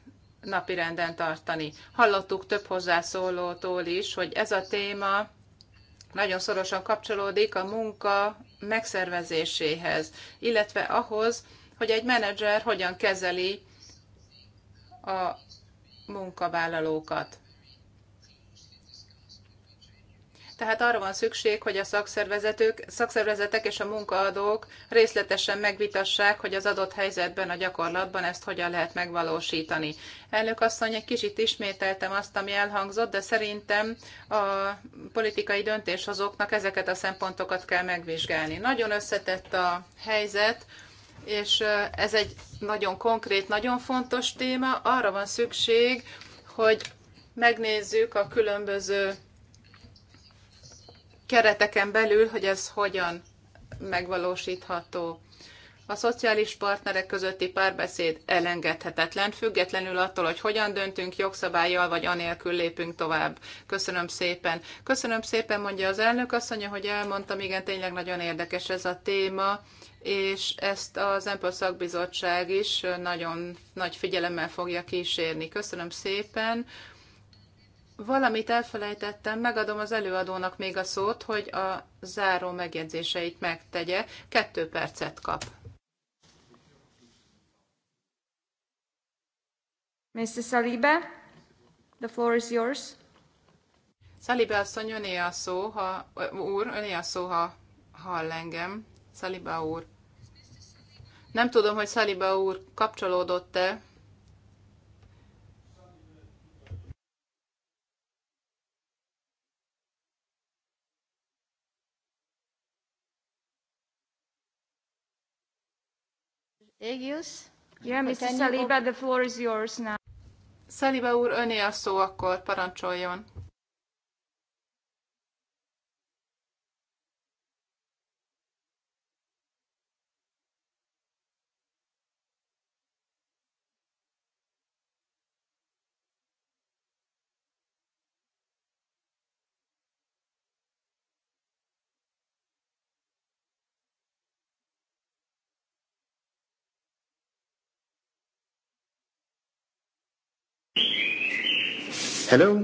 napirenden tartani. Hallottuk több hozzászólótól is, hogy ez a téma nagyon szorosan kapcsolódik a munka megszervezéséhez, illetve ahhoz, hogy egy menedzser hogyan kezeli a munkavállalókat. Tehát arra van szükség, hogy a szakszervezetők, szakszervezetek és a munkaadók részletesen megvitassák, hogy az adott helyzetben, a gyakorlatban ezt hogyan lehet megvalósítani. Elnök asszony, egy kicsit ismételtem azt, ami elhangzott, de szerintem a politikai döntéshozóknak ezeket a szempontokat kell megvizsgálni. Nagyon összetett a helyzet, és ez egy nagyon konkrét, nagyon fontos téma. Arra van szükség, hogy megnézzük a különböző kereteken belül, hogy ez hogyan megvalósítható. A szociális partnerek közötti párbeszéd elengedhetetlen, függetlenül attól, hogy hogyan döntünk jogszabályjal, vagy anélkül lépünk tovább. Köszönöm szépen. Köszönöm szépen, mondja az elnök asszonya, hogy elmondtam, igen, tényleg nagyon érdekes ez a téma, és ezt az EMPL szakbizottság is nagyon nagy figyelemmel fogja kísérni. Köszönöm szépen. Valamit elfelejtettem, megadom az előadónak még a szót, hogy a záró megjegyzéseit megtegye. Kettő percet kap. Mr. Saliba, the floor is yours. Saliba asszony, öné a szó, ha, úr, öné a szó, ha hall engem. Saliba úr. Nem tudom, hogy Saliba úr kapcsolódott-e Égius? Yeah, Mr. Saliba, the floor is yours now. Saliba úr, öné a szó, akkor parancsoljon. Hello?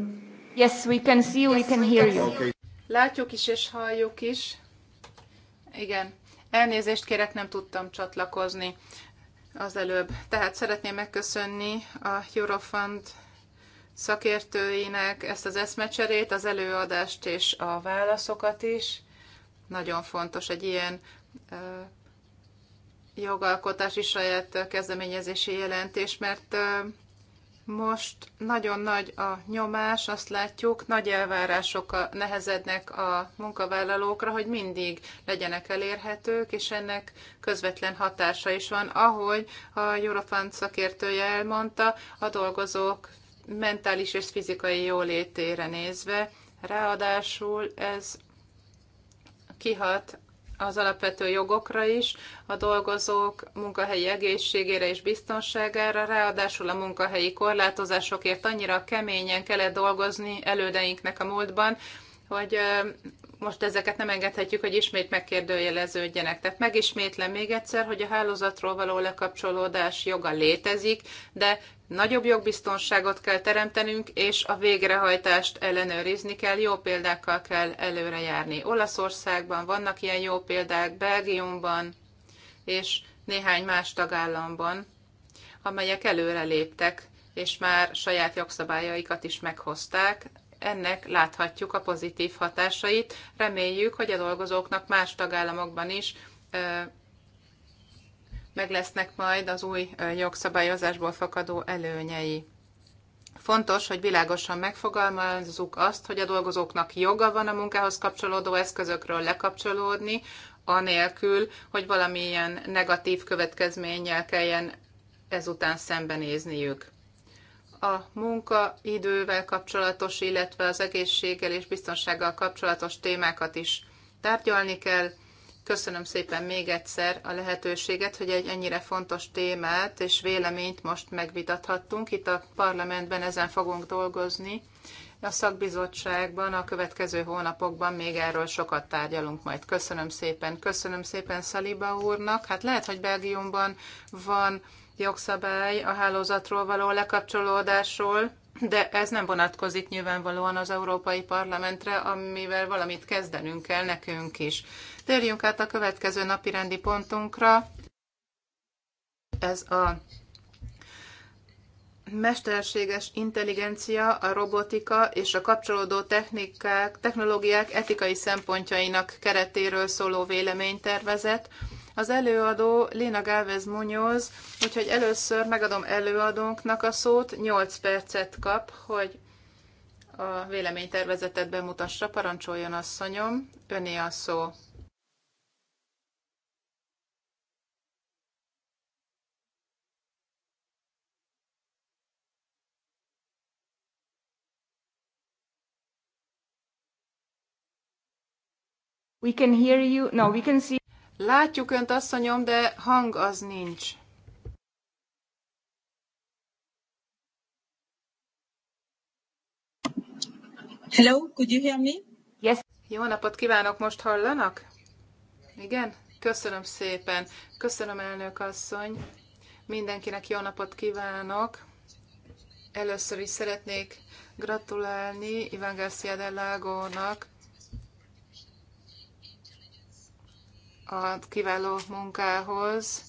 Yes, we can see you, we can hear you. Okay. Látjuk is és halljuk is. Igen. Elnézést kérek, nem tudtam csatlakozni az előbb. Tehát szeretném megköszönni a Eurofund szakértőinek ezt az eszmecserét, az előadást és a válaszokat is. Nagyon fontos egy ilyen jogalkotási saját kezdeményezési jelentés, mert most nagyon nagy a nyomás, azt látjuk, nagy elvárások a nehezednek a munkavállalókra, hogy mindig legyenek elérhetők, és ennek közvetlen hatása is van. Ahogy a Eurofund szakértője elmondta, a dolgozók mentális és fizikai jólétére nézve, ráadásul ez kihat az alapvető jogokra is, a dolgozók munkahelyi egészségére és biztonságára, ráadásul a munkahelyi korlátozásokért annyira keményen kellett dolgozni elődeinknek a múltban, hogy most ezeket nem engedhetjük, hogy ismét megkérdőjeleződjenek. Tehát megismétlem még egyszer, hogy a hálózatról való lekapcsolódás joga létezik, de nagyobb jogbiztonságot kell teremtenünk, és a végrehajtást ellenőrizni kell, jó példákkal kell előrejárni. Olaszországban vannak ilyen jó példák, Belgiumban és néhány más tagállamban, amelyek előre léptek és már saját jogszabályaikat is meghozták, ennek láthatjuk a pozitív hatásait. Reméljük, hogy a dolgozóknak más tagállamokban is meg lesznek majd az új jogszabályozásból fakadó előnyei. Fontos, hogy világosan megfogalmazzuk azt, hogy a dolgozóknak joga van a munkához kapcsolódó eszközökről lekapcsolódni, anélkül, hogy valamilyen negatív következménnyel kelljen ezután szembenézniük a munkaidővel kapcsolatos, illetve az egészséggel és biztonsággal kapcsolatos témákat is tárgyalni kell. Köszönöm szépen még egyszer a lehetőséget, hogy egy ennyire fontos témát és véleményt most megvitathattunk. Itt a parlamentben ezen fogunk dolgozni. A szakbizottságban a következő hónapokban még erről sokat tárgyalunk majd. Köszönöm szépen. Köszönöm szépen Szaliba úrnak. Hát lehet, hogy Belgiumban van jogszabály a hálózatról való lekapcsolódásról, de ez nem vonatkozik nyilvánvalóan az Európai Parlamentre, amivel valamit kezdenünk kell nekünk is. Térjünk át a következő napi rendi pontunkra. Ez a mesterséges intelligencia, a robotika és a kapcsolódó technikák, technológiák etikai szempontjainak keretéről szóló véleménytervezet. Az előadó Lina Gálvez Munoz, úgyhogy először megadom előadónknak a szót, 8 percet kap, hogy a véleménytervezetet bemutassa, parancsoljon asszonyom, öné a szó. We can hear you. No, we can see. Látjuk önt, asszonyom, de hang az nincs. Hello, could you hear me? Yes. Jó napot kívánok, most hallanak? Igen? Köszönöm szépen. Köszönöm, elnök asszony. Mindenkinek jó napot kívánok. Először is szeretnék gratulálni Iván García de Lágónak a kiváló munkához.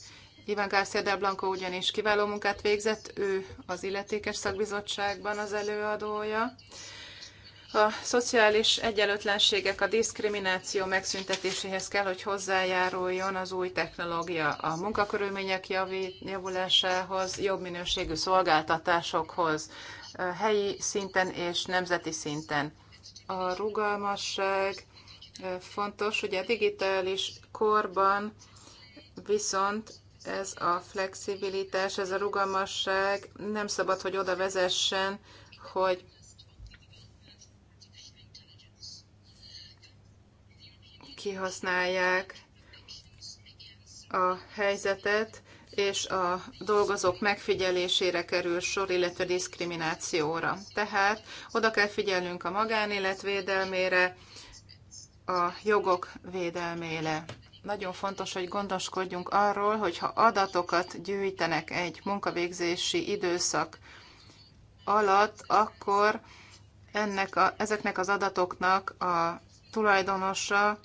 Iván García de Blanco ugyanis kiváló munkát végzett, ő az illetékes szakbizottságban az előadója. A szociális egyenlőtlenségek a diszkrimináció megszüntetéséhez kell, hogy hozzájáruljon az új technológia a munkakörülmények javulásához, jobb minőségű szolgáltatásokhoz, eh, helyi szinten és nemzeti szinten. A rugalmasság, fontos, hogy a digitális korban viszont ez a flexibilitás, ez a rugalmasság nem szabad, hogy oda vezessen, hogy kihasználják a helyzetet, és a dolgozók megfigyelésére kerül sor, illetve diszkriminációra. Tehát oda kell figyelnünk a magánélet védelmére, a jogok védelmére. Nagyon fontos, hogy gondoskodjunk arról, hogy ha adatokat gyűjtenek egy munkavégzési időszak alatt, akkor ennek a, ezeknek az adatoknak a tulajdonosa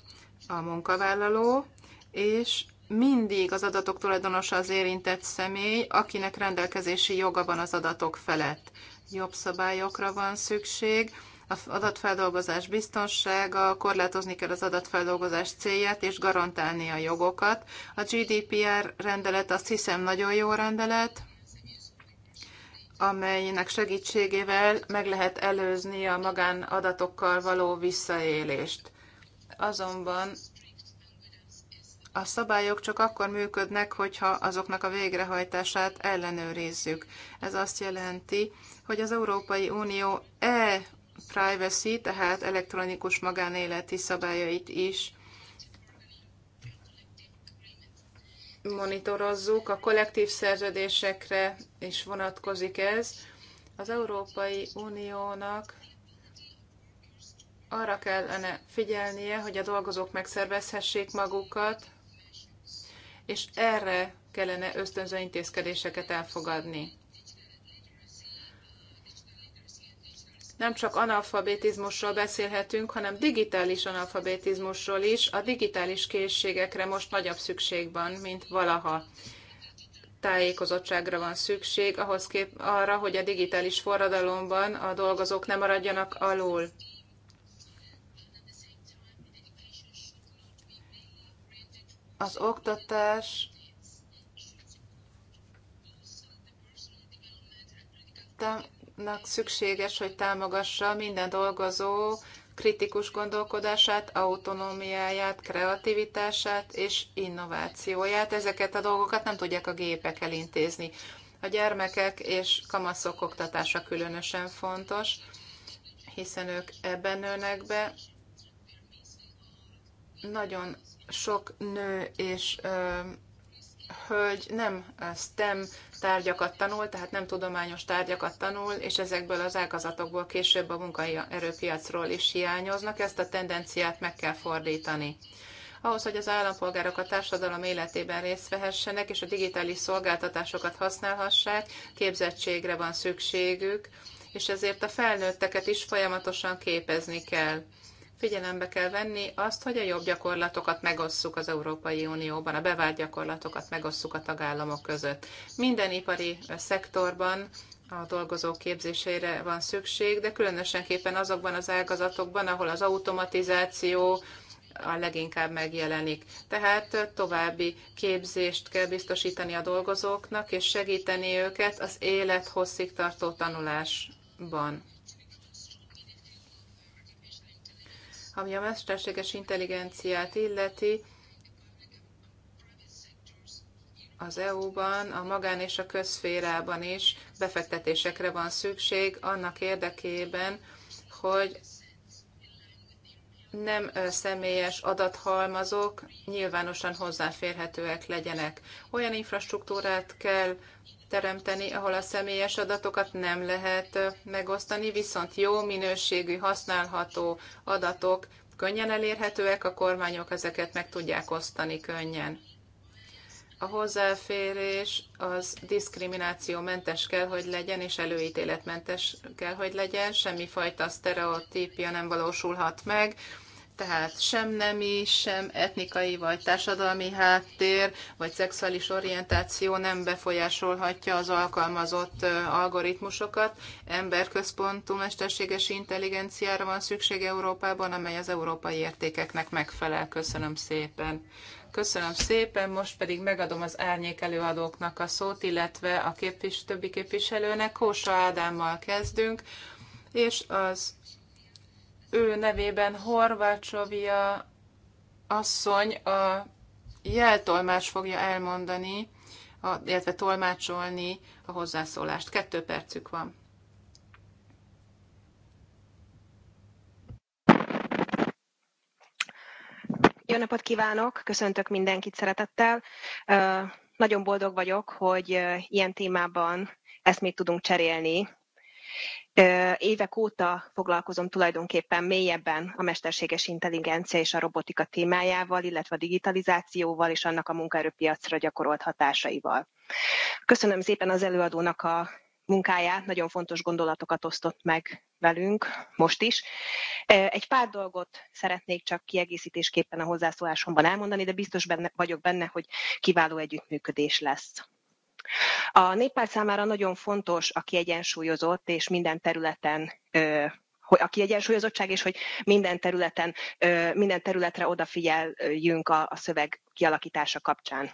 a munkavállaló, és mindig az adatok tulajdonosa az érintett személy, akinek rendelkezési joga van az adatok felett. Jobb szabályokra van szükség, az adatfeldolgozás biztonsága, korlátozni kell az adatfeldolgozás célját és garantálni a jogokat. A GDPR rendelet azt hiszem nagyon jó rendelet, amelynek segítségével meg lehet előzni a magánadatokkal való visszaélést. Azonban a szabályok csak akkor működnek, hogyha azoknak a végrehajtását ellenőrizzük. Ez azt jelenti, hogy az Európai Unió e privacy, tehát elektronikus magánéleti szabályait is monitorozzuk. A kollektív szerződésekre is vonatkozik ez. Az Európai Uniónak arra kellene figyelnie, hogy a dolgozók megszervezhessék magukat, és erre kellene ösztönző intézkedéseket elfogadni. nem csak analfabetizmusról beszélhetünk, hanem digitális analfabetizmusról is. A digitális készségekre most nagyobb szükség van, mint valaha. Tájékozottságra van szükség ahhoz kép arra, hogy a digitális forradalomban a dolgozók nem maradjanak alul. Az oktatás Uniónak szükséges, hogy támogassa minden dolgozó kritikus gondolkodását, autonómiáját, kreativitását és innovációját. Ezeket a dolgokat nem tudják a gépek elintézni. A gyermekek és kamaszok oktatása különösen fontos, hiszen ők ebben nőnek be. Nagyon sok nő és hölgy nem STEM tárgyakat tanul, tehát nem tudományos tárgyakat tanul, és ezekből az ágazatokból később a munkaerőpiacról is hiányoznak. Ezt a tendenciát meg kell fordítani ahhoz, hogy az állampolgárok a társadalom életében részt vehessenek, és a digitális szolgáltatásokat használhassák, képzettségre van szükségük, és ezért a felnőtteket is folyamatosan képezni kell figyelembe kell venni azt, hogy a jobb gyakorlatokat megosszuk az Európai Unióban, a bevált gyakorlatokat megosszuk a tagállamok között. Minden ipari szektorban a dolgozók képzésére van szükség, de különösenképpen azokban az ágazatokban, ahol az automatizáció, a leginkább megjelenik. Tehát további képzést kell biztosítani a dolgozóknak, és segíteni őket az élethosszig tartó tanulásban. Ami a mesterséges intelligenciát illeti, az EU-ban, a magán és a közférában is befektetésekre van szükség annak érdekében, hogy nem személyes adathalmazok nyilvánosan hozzáférhetőek legyenek. Olyan infrastruktúrát kell teremteni, ahol a személyes adatokat nem lehet megosztani, viszont jó minőségű, használható adatok könnyen elérhetőek, a kormányok ezeket meg tudják osztani könnyen. A hozzáférés az diszkriminációmentes kell, hogy legyen, és előítéletmentes kell, hogy legyen, semmifajta sztereotípia nem valósulhat meg, tehát sem nemi, sem etnikai vagy társadalmi háttér, vagy szexuális orientáció nem befolyásolhatja az alkalmazott algoritmusokat. Emberközpontú mesterséges intelligenciára van szükség Európában, amely az európai értékeknek megfelel. Köszönöm szépen. Köszönöm szépen, most pedig megadom az árnyék előadóknak a szót, illetve a képvis, többi képviselőnek. Kósa Ádámmal kezdünk, és az ő nevében Horvácsovia asszony a jeltolmás fogja elmondani, a, illetve tolmácsolni a hozzászólást. Kettő percük van. Jó napot kívánok, köszöntök mindenkit szeretettel. Nagyon boldog vagyok, hogy ilyen témában ezt még tudunk cserélni Évek óta foglalkozom tulajdonképpen mélyebben a mesterséges intelligencia és a robotika témájával, illetve a digitalizációval és annak a munkaerőpiacra gyakorolt hatásaival. Köszönöm szépen az előadónak a munkáját, nagyon fontos gondolatokat osztott meg velünk most is. Egy pár dolgot szeretnék csak kiegészítésképpen a hozzászólásomban elmondani, de biztos benne, vagyok benne, hogy kiváló együttműködés lesz. A néppárt számára nagyon fontos a kiegyensúlyozott és minden területen a kiegyensúlyozottság, és hogy minden területen, minden területre odafigyeljünk a, a szöveg kialakítása kapcsán.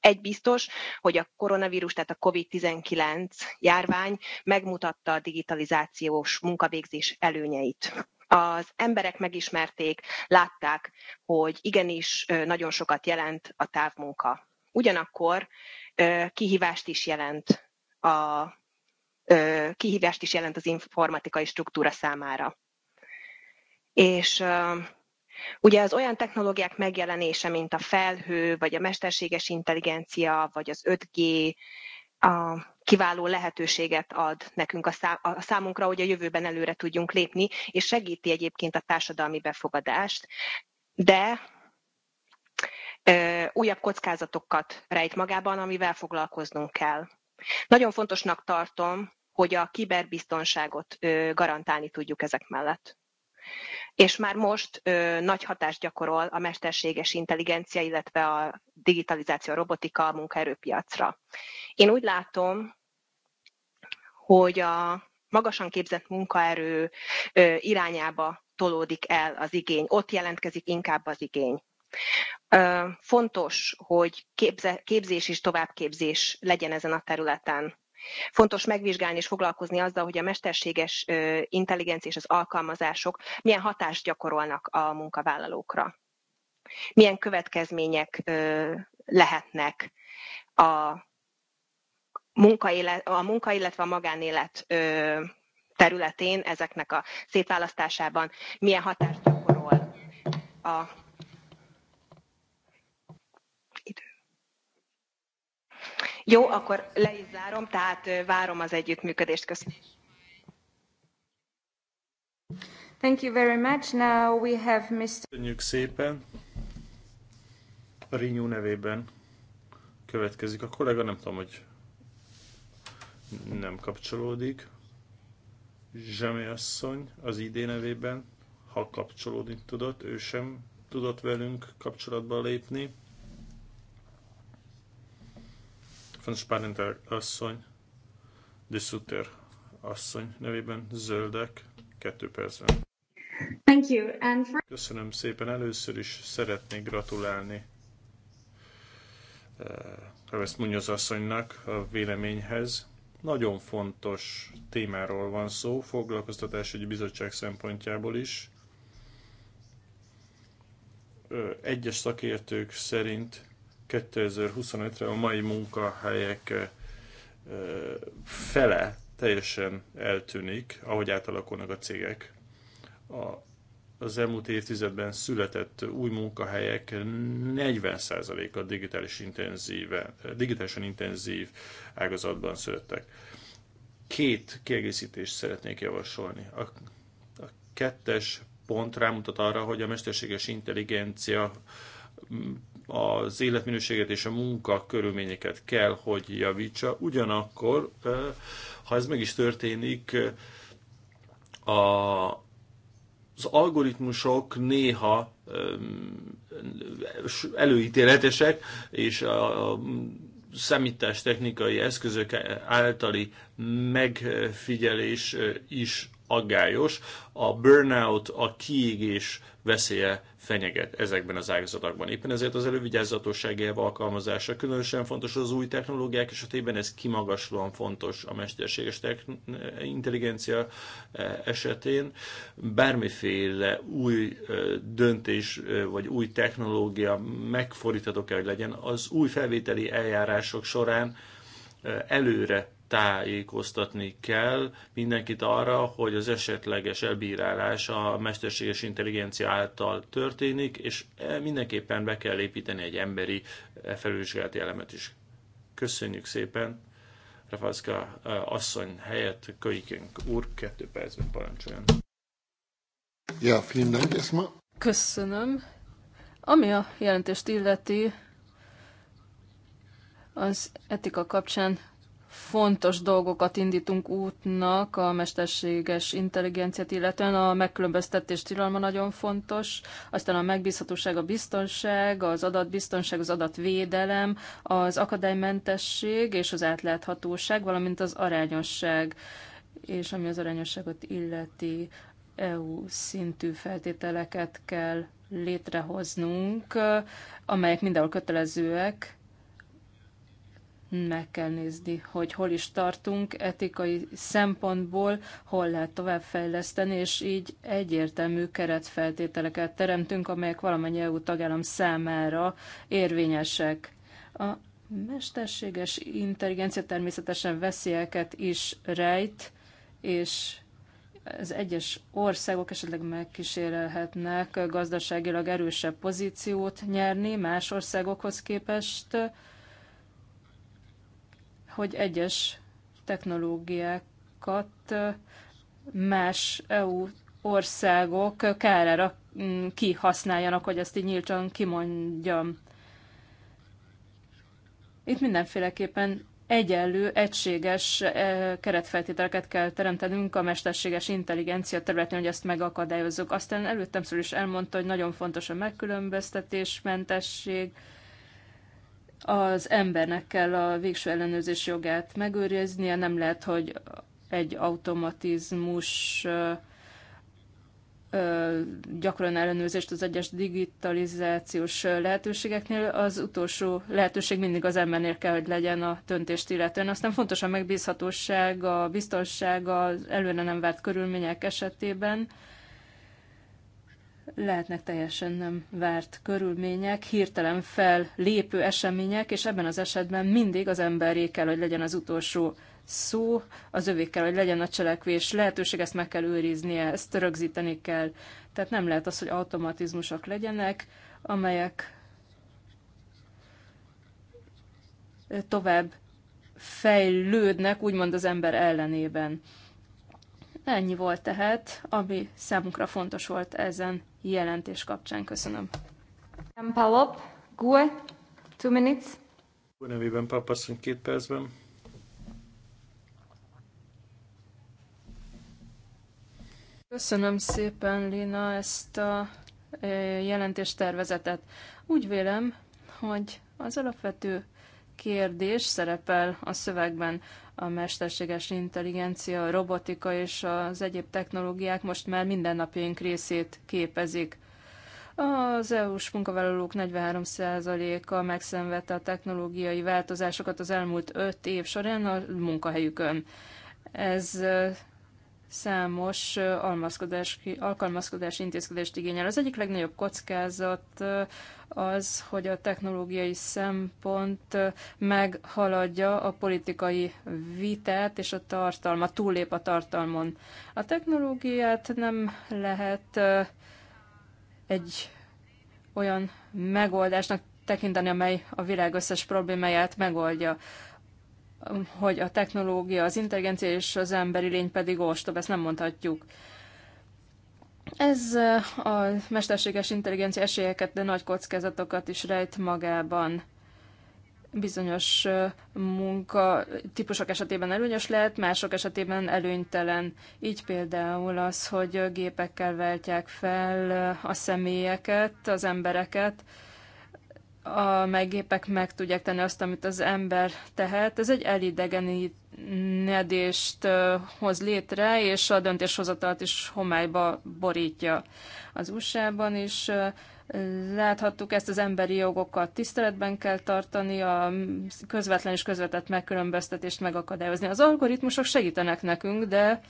Egy biztos, hogy a koronavírus, tehát a COVID-19 járvány megmutatta a digitalizációs munkavégzés előnyeit. Az emberek megismerték, látták, hogy igenis nagyon sokat jelent a távmunka. Ugyanakkor kihívást is jelent a kihívást is jelent az informatikai struktúra számára. És Ugye az olyan technológiák megjelenése, mint a felhő, vagy a mesterséges intelligencia, vagy az 5G a kiváló lehetőséget ad nekünk a, a számunkra, hogy a jövőben előre tudjunk lépni, és segíti egyébként a társadalmi befogadást. De újabb kockázatokat rejt magában, amivel foglalkoznunk kell. Nagyon fontosnak tartom, hogy a kiberbiztonságot garantálni tudjuk ezek mellett. És már most ö, nagy hatást gyakorol a mesterséges intelligencia, illetve a digitalizáció, a robotika a munkaerőpiacra. Én úgy látom, hogy a magasan képzett munkaerő ö, irányába tolódik el az igény, ott jelentkezik inkább az igény. Fontos, hogy képzés és továbbképzés legyen ezen a területen. Fontos megvizsgálni és foglalkozni azzal, hogy a mesterséges intelligencia és az alkalmazások milyen hatást gyakorolnak a munkavállalókra. Milyen következmények lehetnek a munkaélet, a munka, illetve a magánélet területén ezeknek a szétválasztásában milyen hatást gyakorol a Jó, akkor le is zárom, tehát várom az együttműködést. Köszönöm. Thank you very much. Now we have Mr. Köszönjük szépen. A Rinyú nevében következik a kollega, nem tudom, hogy nem kapcsolódik. Zsemi asszony az ID nevében, ha kapcsolódni tudott, ő sem tudott velünk kapcsolatba lépni. von Spanender asszony, de Sutter asszony nevében zöldek, kettő percben. Thank you. And for... Köszönöm szépen. Először is szeretnék gratulálni a uh, eh, Munoz asszonynak a véleményhez. Nagyon fontos témáról van szó, foglalkoztatás egy bizottság szempontjából is. egyes szakértők szerint 2025-re a mai munkahelyek fele teljesen eltűnik, ahogy átalakulnak a cégek. A, az elmúlt évtizedben született új munkahelyek 40%-a digitális intenzíve, digitálisan intenzív ágazatban születtek. Két kiegészítést szeretnék javasolni. A, a kettes pont rámutat arra, hogy a mesterséges intelligencia az életminőséget és a munka körülményeket kell, hogy javítsa. Ugyanakkor, ha ez meg is történik, a, az algoritmusok néha előítéletesek, és a számítástechnikai eszközök általi megfigyelés is aggályos, a burnout, a kiégés veszélye fenyeget ezekben az ágazatokban. Éppen ezért az elővigyázatosság elv alkalmazása különösen fontos az új technológiák esetében, ez kimagaslóan fontos a mesterséges intelligencia e, esetén. Bármiféle új e, döntés e, vagy új technológia megfordítható kell, hogy legyen, az új felvételi eljárások során előre tájékoztatni kell mindenkit arra, hogy az esetleges elbírálás a mesterséges intelligencia által történik, és e mindenképpen be kell építeni egy emberi e, felülvizsgálati elemet is. Köszönjük szépen! Rafaszka e, asszony helyett Kölykénk úr kettő percben parancsoljon. Ja, vielen Dank Köszönöm. Ami a jelentést illeti, az etika kapcsán fontos dolgokat indítunk útnak a mesterséges intelligenciát, illetően a megkülönböztetés tilalma nagyon fontos, aztán a megbízhatóság, a biztonság, az adatbiztonság, az adatvédelem, az akadálymentesség és az átláthatóság, valamint az arányosság, és ami az arányosságot illeti, EU szintű feltételeket kell létrehoznunk, amelyek mindenhol kötelezőek, meg kell nézni, hogy hol is tartunk etikai szempontból, hol lehet továbbfejleszteni, és így egyértelmű keretfeltételeket teremtünk, amelyek valamennyi EU tagállam számára érvényesek. A mesterséges intelligencia természetesen veszélyeket is rejt, és az egyes országok esetleg megkísérelhetnek gazdaságilag erősebb pozíciót nyerni más országokhoz képest, hogy egyes technológiákat más EU országok kárára mm, kihasználjanak, hogy ezt így nyíltan kimondjam. Itt mindenféleképpen egyenlő, egységes keretfeltételeket kell teremtenünk a mesterséges intelligencia területén, hogy ezt megakadályozzuk. Aztán előttem szól is elmondta, hogy nagyon fontos a megkülönböztetésmentesség, mentesség, az embernek kell a végső ellenőrzés jogát megőriznie, nem lehet, hogy egy automatizmus gyakran ellenőrzést az egyes digitalizációs lehetőségeknél, az utolsó lehetőség mindig az embernél kell, hogy legyen a döntést illetően. Aztán fontos a megbízhatóság, a biztonság, az előre nem várt körülmények esetében, lehetnek teljesen nem várt körülmények, hirtelen fel lépő események, és ebben az esetben mindig az emberé kell, hogy legyen az utolsó szó, az övé kell, hogy legyen a cselekvés lehetőség, ezt meg kell őriznie, ezt rögzíteni kell. Tehát nem lehet az, hogy automatizmusok legyenek, amelyek tovább fejlődnek, úgymond az ember ellenében. Ennyi volt tehát, ami számunkra fontos volt ezen jelentés kapcsán. Köszönöm. Pálop, GUE, two minutes. GUE nevében papasszony két percben. Köszönöm szépen, Lina, ezt a e, jelentéstervezetet. Úgy vélem, hogy az alapvető kérdés szerepel a szövegben a mesterséges intelligencia, a robotika és az egyéb technológiák most már mindennapjaink részét képezik. Az EU-s munkavállalók 43%-a megszenvedte a technológiai változásokat az elmúlt 5 év során a munkahelyükön. Ez számos alkalmazkodás, alkalmazkodási intézkedést igényel. Az egyik legnagyobb kockázat az, hogy a technológiai szempont meghaladja a politikai vitát, és a tartalma túllép a tartalmon. A technológiát nem lehet egy olyan megoldásnak tekinteni, amely a világ összes problémáját megoldja hogy a technológia, az intelligencia és az emberi lény pedig ostob, ezt nem mondhatjuk. Ez eh, a mesterséges intelligencia esélyeket, de nagy kockázatokat is rejt magában. Bizonyos eh, munka típusok esetében előnyös lehet, mások esetében előnytelen. Így például az, hogy gépekkel váltják fel eh, a személyeket, az embereket, a megépek meg tudják tenni azt, amit az ember tehet. Ez egy elidegenedést hoz létre, és a döntéshozatalt is homályba borítja. Az USA-ban is láthattuk, ezt az emberi jogokat tiszteletben kell tartani, a közvetlen és közvetett megkülönböztetést megakadályozni. Az algoritmusok segítenek nekünk, de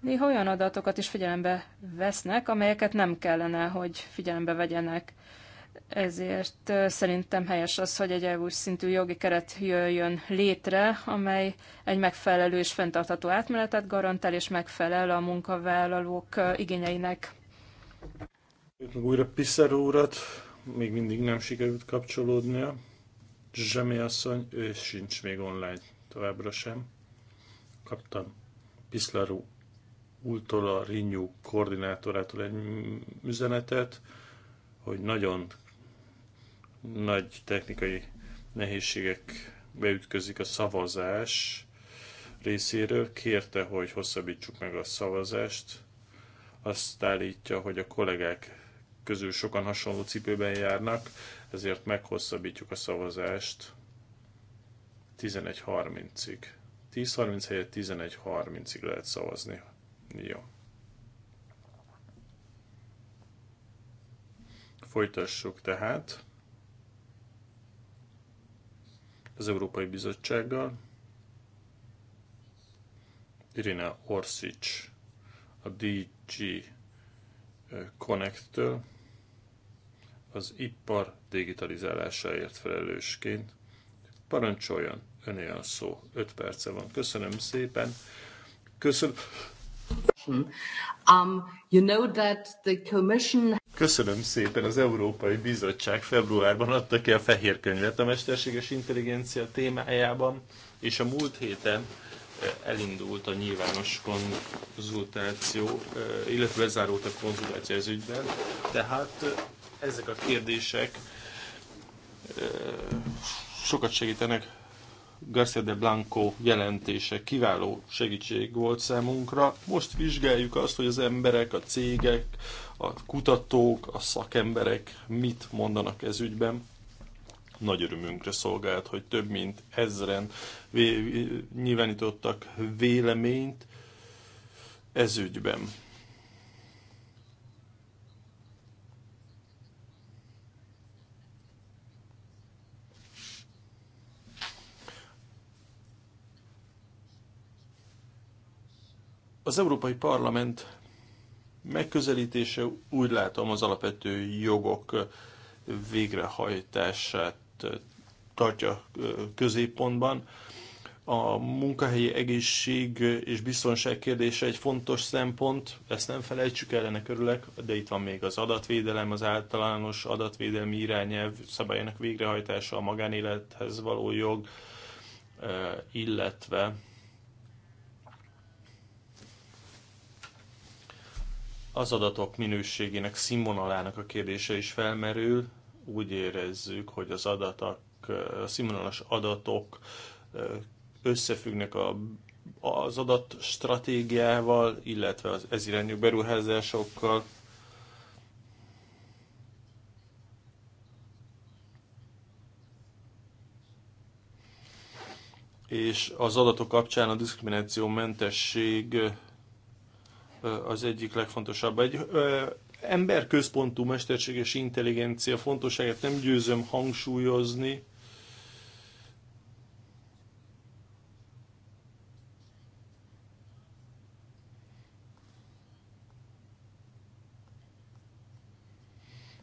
néha olyan adatokat is figyelembe vesznek, amelyeket nem kellene, hogy figyelembe vegyenek. Ezért szerintem helyes az, hogy egy EU szintű jogi keret jöjjön létre, amely egy megfelelő és fenntartható átmenetet garantál, és megfelel a munkavállalók igényeinek. Újra Piszer úrat, még mindig nem sikerült kapcsolódnia. Zsemi asszony, ő sincs még online, továbbra sem. Kaptam Piszleró úrtól, a Rinyú koordinátorától egy üzenetet, hogy nagyon nagy technikai nehézségek beütközik a szavazás részéről. Kérte, hogy hosszabbítsuk meg a szavazást. Azt állítja, hogy a kollégák közül sokan hasonló cipőben járnak, ezért meghosszabbítjuk a szavazást 11.30-ig. 10.30 helyett 11.30-ig lehet szavazni. Jó. Folytassuk tehát. az Európai Bizottsággal. Irina Orsic a DG Connect-től az ipar digitalizálásáért felelősként. Parancsoljon, öné a szó, 5 perce van. Köszönöm szépen. Köszönöm. Um, you know that the commission Köszönöm szépen, az Európai Bizottság februárban adta ki a fehér könyvet a mesterséges intelligencia témájában, és a múlt héten eh, elindult a nyilvános konzultáció, eh, illetve lezárult a konzultáció ez ügyben. Tehát eh, ezek a kérdések sokat segítenek Garcia de Blanco jelentése kiváló segítség volt számunkra. Most vizsgáljuk azt, hogy az emberek, a cégek, a kutatók, a szakemberek mit mondanak ez ügyben. Nagy örömünkre szolgált, hogy több mint ezren nyilvánítottak véleményt ez ügyben. Az Európai Parlament megközelítése úgy látom az alapvető jogok végrehajtását tartja középpontban. A munkahelyi egészség és biztonság kérdése egy fontos szempont, ezt nem felejtsük el, ennek örülök, de itt van még az adatvédelem, az általános adatvédelmi irányelv szabályának végrehajtása, a magánélethez való jog, illetve az adatok minőségének, színvonalának a kérdése is felmerül. Úgy érezzük, hogy az adatok, a színvonalas adatok összefüggnek a, az stratégiával, illetve az ez irányú beruházásokkal. És az adatok kapcsán a diszkrimináció mentesség az egyik legfontosabb. Egy emberközpontú mesterséges intelligencia fontosságát nem győzöm hangsúlyozni,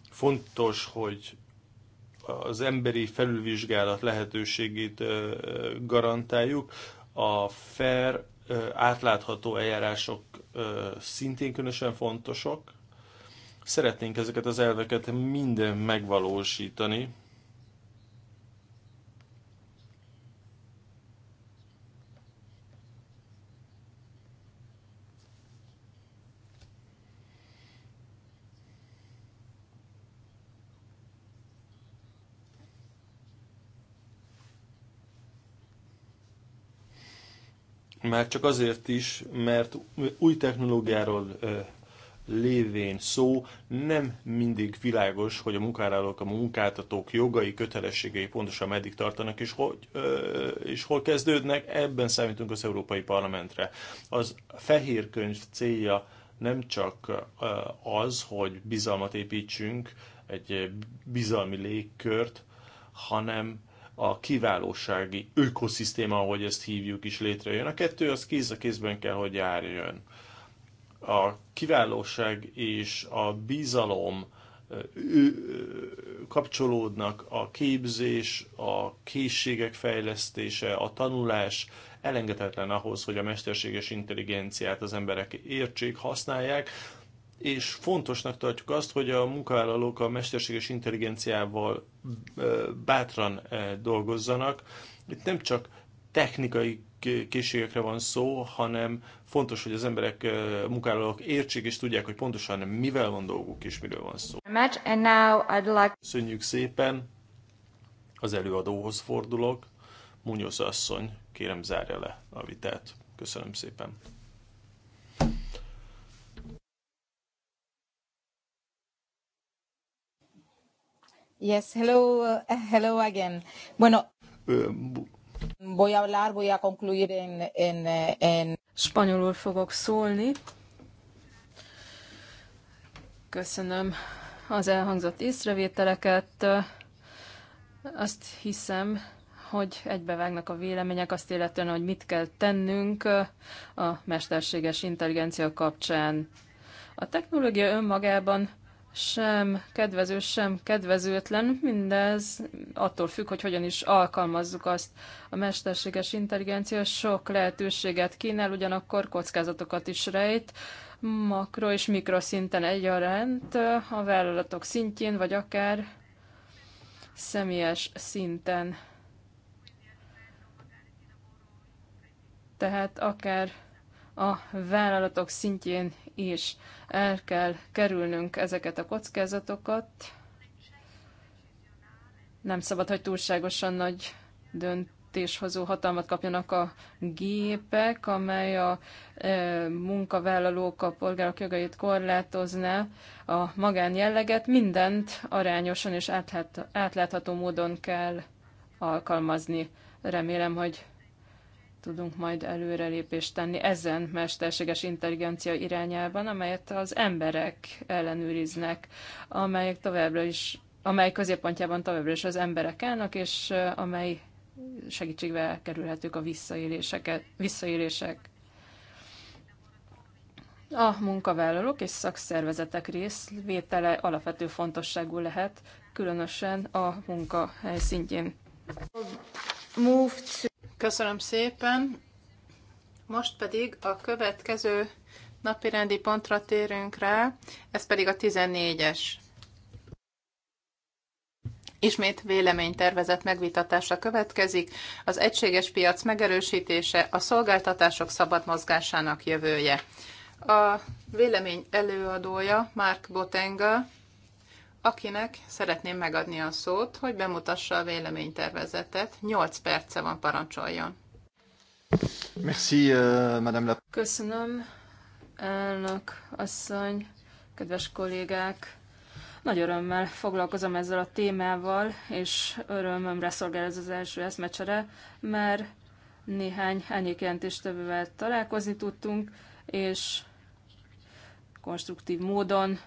fontos, hogy az emberi felülvizsgálat lehetőségét garantáljuk, a fair, átlátható eljárások szintén különösen fontosak. Szeretnénk ezeket az elveket minden megvalósítani, Már csak azért is, mert új technológiáról lévén szó, nem mindig világos, hogy a munkavállalók, a munkáltatók jogai, kötelességei pontosan meddig tartanak, és, hogy, és hol kezdődnek, ebben számítunk az Európai Parlamentre. Az fehér könyv célja nem csak az, hogy bizalmat építsünk, egy bizalmi légkört, hanem a kiválósági ökoszisztéma, ahogy ezt hívjuk is létrejön. A kettő az kéz a kézben kell, hogy járjon. A kiválóság és a bizalom kapcsolódnak a képzés, a készségek fejlesztése, a tanulás elengedhetetlen ahhoz, hogy a mesterséges intelligenciát az emberek értsék, használják, és fontosnak tartjuk azt, hogy a munkavállalók a mesterséges intelligenciával bátran dolgozzanak. Itt nem csak technikai készségekre van szó, hanem fontos, hogy az emberek, munkavállalók értsék és tudják, hogy pontosan mivel van dolguk és miről van szó. Köszönjük szépen! Az előadóhoz fordulok. Munyosz asszony, kérem zárja le a vitát. Köszönöm szépen! Yes, hello, uh, hello again. Bueno, voy a hablar, voy a concluir en, en, eh, en... Spanyolul fogok szólni. Köszönöm az elhangzott észrevételeket. Azt hiszem, hogy egybevágnak a vélemények azt illetően, hogy mit kell tennünk a mesterséges intelligencia kapcsán. A technológia önmagában sem kedvező, sem kedvezőtlen, mindez attól függ, hogy hogyan is alkalmazzuk azt. A mesterséges intelligencia sok lehetőséget kínál, ugyanakkor kockázatokat is rejt, makro és mikroszinten egyaránt, a vállalatok szintjén, vagy akár személyes szinten. Tehát akár a vállalatok szintjén is el kell kerülnünk ezeket a kockázatokat. Nem szabad, hogy túlságosan nagy döntéshozó hatalmat kapjanak a gépek, amely a e, munkavállalók, a polgárok jogait korlátozná, a magánjelleget. Mindent arányosan és átlát, átlátható módon kell alkalmazni. Remélem, hogy tudunk majd előrelépést tenni ezen mesterséges intelligencia irányában, amelyet az emberek ellenőriznek, amelyek továbbra is, amely középpontjában továbbra is az emberek állnak, és amely segítségvel kerülhetők a visszaéléseket, visszaélések. A munkavállalók és szakszervezetek részvétele alapvető fontosságú lehet, különösen a munkahely szintjén. Köszönöm szépen. Most pedig a következő napirendi pontra térünk rá, ez pedig a 14-es. Ismét véleménytervezet megvitatása következik, az egységes piac megerősítése, a szolgáltatások szabad mozgásának jövője. A vélemény előadója Mark Botenga, akinek szeretném megadni a szót, hogy bemutassa a véleménytervezetet. 8 perce van, parancsoljon. Merci, uh, Madame la... Köszönöm, elnök asszony, kedves kollégák. Nagy örömmel foglalkozom ezzel a témával, és örömömre szolgál ez az első eszmecsere, mert néhány árnyékjelentéstevővel találkozni tudtunk, és konstruktív módon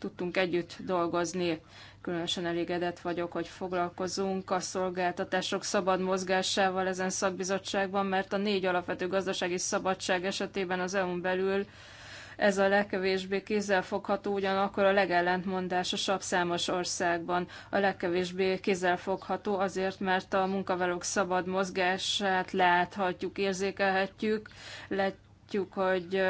tudtunk együtt dolgozni. Különösen elégedett vagyok, hogy foglalkozunk a szolgáltatások szabad mozgásával ezen szakbizottságban, mert a négy alapvető gazdasági szabadság esetében az EU-n belül ez a legkevésbé kézzelfogható, ugyanakkor a legellentmondásosabb számos országban. A legkevésbé kézzelfogható azért, mert a munkavállalók szabad mozgását láthatjuk, érzékelhetjük, látjuk, hogy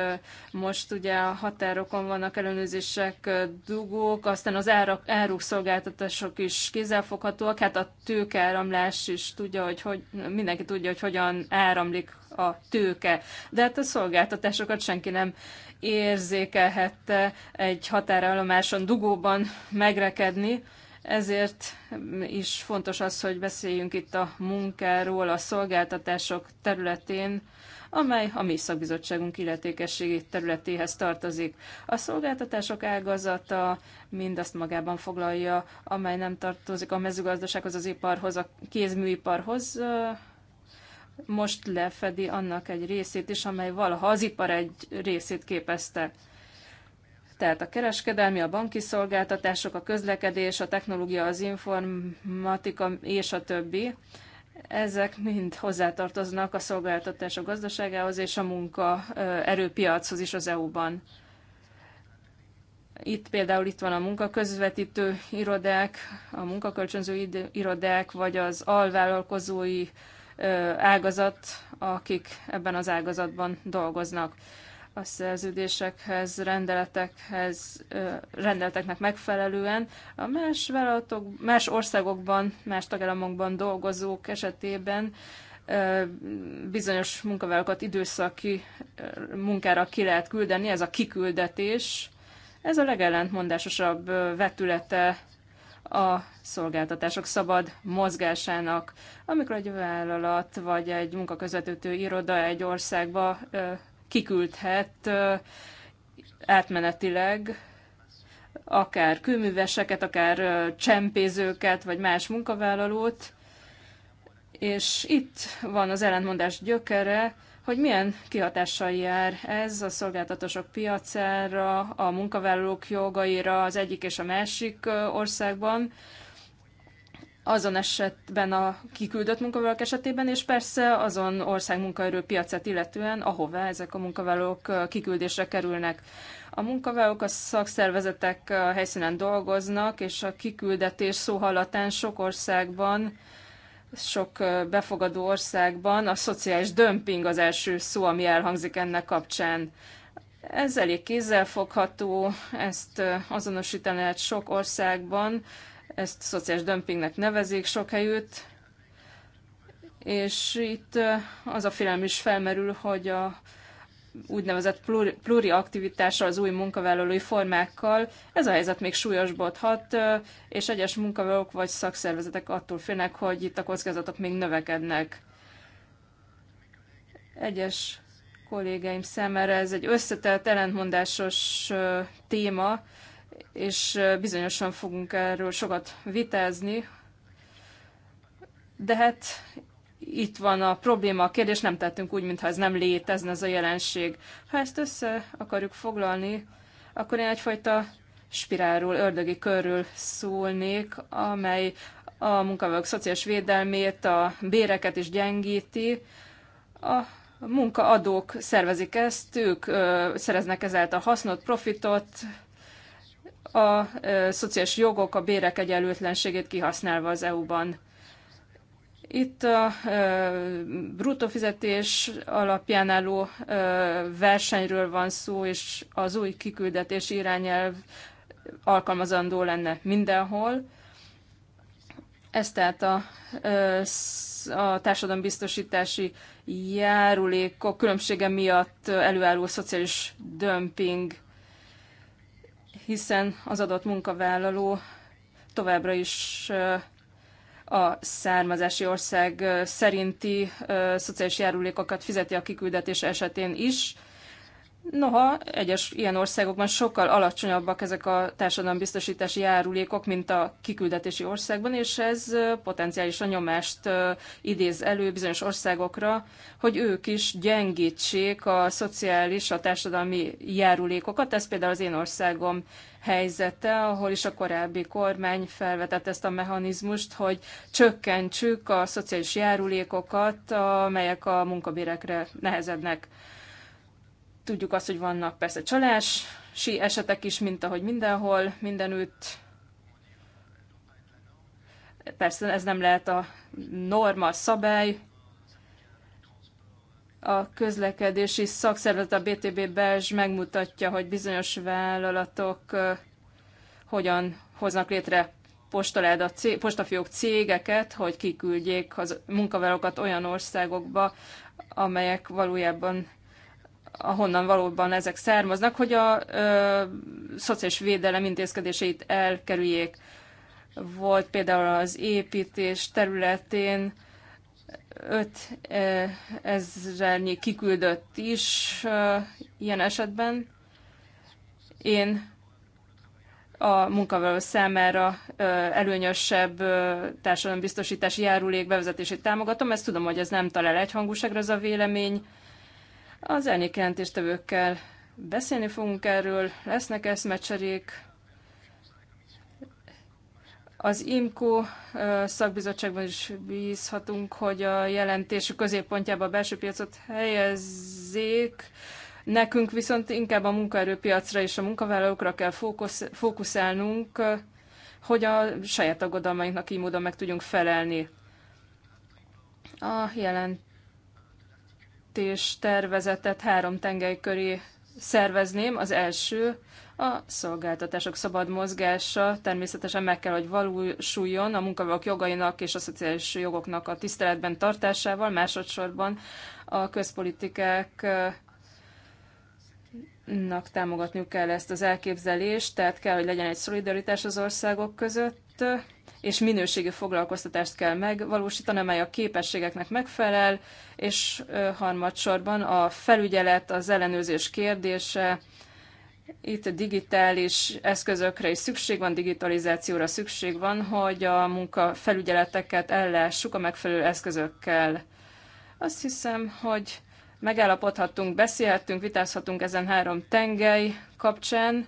most ugye a határokon vannak ellenőrzések, dugók, aztán az áruk szolgáltatások is kézzelfoghatóak, hát a tőkeáramlás is tudja, hogy, hogy mindenki tudja, hogy hogyan áramlik a tőke. De hát a szolgáltatásokat senki nem érzékelhette egy határállomáson dugóban megrekedni, ezért is fontos az, hogy beszéljünk itt a munkáról, a szolgáltatások területén, amely a mi szakbizottságunk illetékességi területéhez tartozik. A szolgáltatások ágazata mindazt magában foglalja, amely nem tartozik a mezőgazdasághoz, az iparhoz, a kézműiparhoz, most lefedi annak egy részét is, amely valaha az ipar egy részét képezte tehát a kereskedelmi, a banki szolgáltatások, a közlekedés, a technológia, az informatika és a többi. Ezek mind hozzátartoznak a szolgáltatások gazdaságához és a munka erőpiachoz is az EU-ban. Itt például itt van a munkaközvetítő irodák, a munkakölcsönző irodák, vagy az alvállalkozói ágazat, akik ebben az ágazatban dolgoznak a szerződésekhez, rendeletekhez, rendeleteknek megfelelően. A más vállalatok, más országokban, más tagállamokban dolgozók esetében bizonyos munkavállalókat időszaki munkára ki lehet küldeni, ez a kiküldetés. Ez a legellentmondásosabb vetülete a szolgáltatások szabad mozgásának. Amikor egy vállalat vagy egy munkaközvetítő iroda egy országba kiküldhet átmenetileg akár kőműveseket, akár csempézőket, vagy más munkavállalót. És itt van az ellentmondás gyökere, hogy milyen kihatással jár ez a szolgáltatások piacára, a munkavállalók jogaira az egyik és a másik országban, azon esetben a kiküldött munkavállalók esetében, és persze azon ország munkaerőpiacát illetően, ahová ezek a munkavállalók kiküldésre kerülnek. A munkavállalók a szakszervezetek helyszínen dolgoznak, és a kiküldetés szóhallatán sok országban, sok befogadó országban a szociális dömping az első szó, ami elhangzik ennek kapcsán. Ez elég kézzelfogható, ezt azonosítani lehet sok országban, ezt szociális dömpingnek nevezik sok helyütt, és itt az a félelem is felmerül, hogy a úgynevezett pluri, pluriaktivitással, az új munkavállalói formákkal. Ez a helyzet még súlyosbodhat, és egyes munkavállalók vagy szakszervezetek attól félnek, hogy itt a kockázatok még növekednek. Egyes kollégeim számára ez egy összetett, ellentmondásos téma, és bizonyosan fogunk erről sokat vitázni, de hát itt van a probléma, a kérdés, nem tettünk úgy, mintha ez nem létezne ez a jelenség. Ha ezt össze akarjuk foglalni, akkor én egyfajta spirálról, ördögi körről szólnék, amely a munkavállalók szociális védelmét, a béreket is gyengíti. A munkaadók szervezik ezt, ők ö, szereznek ezáltal hasznot, profitot, a szociális jogok, a bérek egyenlőtlenségét kihasználva az EU-ban. Itt a bruttó fizetés alapján álló versenyről van szó, és az új kiküldetés irányelv alkalmazandó lenne mindenhol. Ez tehát a, a társadalombiztosítási járulékok különbsége miatt előálló szociális dömping hiszen az adott munkavállaló továbbra is a származási ország szerinti szociális járulékokat fizeti a kiküldetés esetén is, Noha egyes ilyen országokban sokkal alacsonyabbak ezek a társadalombiztosítási járulékok, mint a kiküldetési országban, és ez potenciálisan nyomást idéz elő bizonyos országokra, hogy ők is gyengítsék a szociális, a társadalmi járulékokat. Ez például az én országom helyzete, ahol is a korábbi kormány felvetett ezt a mechanizmust, hogy csökkentsük a szociális járulékokat, amelyek a munkabérekre nehezednek. Tudjuk azt, hogy vannak persze csalási esetek is, mint ahogy mindenhol, mindenütt. Persze ez nem lehet a norma, szabály. A közlekedési szakszervezet a BTB Belzs megmutatja, hogy bizonyos vállalatok hogyan hoznak létre postaláda, postafiók cégeket, hogy kiküldjék a munkavállalókat olyan országokba, amelyek valójában ahonnan valóban ezek származnak, hogy a ö, szociális védelem intézkedéseit elkerüljék. Volt például az építés területén 5 ezernyi kiküldött is ö, ilyen esetben. Én a munkavállaló számára előnyösebb társadalombiztosítási járulék bevezetését támogatom. Ezt tudom, hogy ez nem talál egyhangúságra ez a vélemény, az elnyékjelentéstevőkkel beszélni fogunk erről, lesznek eszmecserék, az IMCO szakbizottságban is bízhatunk, hogy a jelentésük középpontjába a belső piacot helyezzék. Nekünk viszont inkább a munkaerőpiacra és a munkavállalókra kell fókusz, fókuszálnunk, hogy a saját aggodalmainknak így módon meg tudjunk felelni. A jelent és tervezetet három tengely köré szervezném. Az első a szolgáltatások szabad mozgása természetesen meg kell, hogy valósuljon a munkavállalók jogainak és a szociális jogoknak a tiszteletben tartásával, másodszorban a közpolitikák nak támogatniuk kell ezt az elképzelést, tehát kell, hogy legyen egy szolidaritás az országok között, és minőségi foglalkoztatást kell megvalósítani, amely a képességeknek megfelel, és harmadsorban a felügyelet, az ellenőrzés kérdése, itt digitális eszközökre is szükség van, digitalizációra szükség van, hogy a munkafelügyeleteket ellássuk a megfelelő eszközökkel. Azt hiszem, hogy megállapodhatunk, beszélhettünk, vitázhatunk ezen három tengely kapcsán,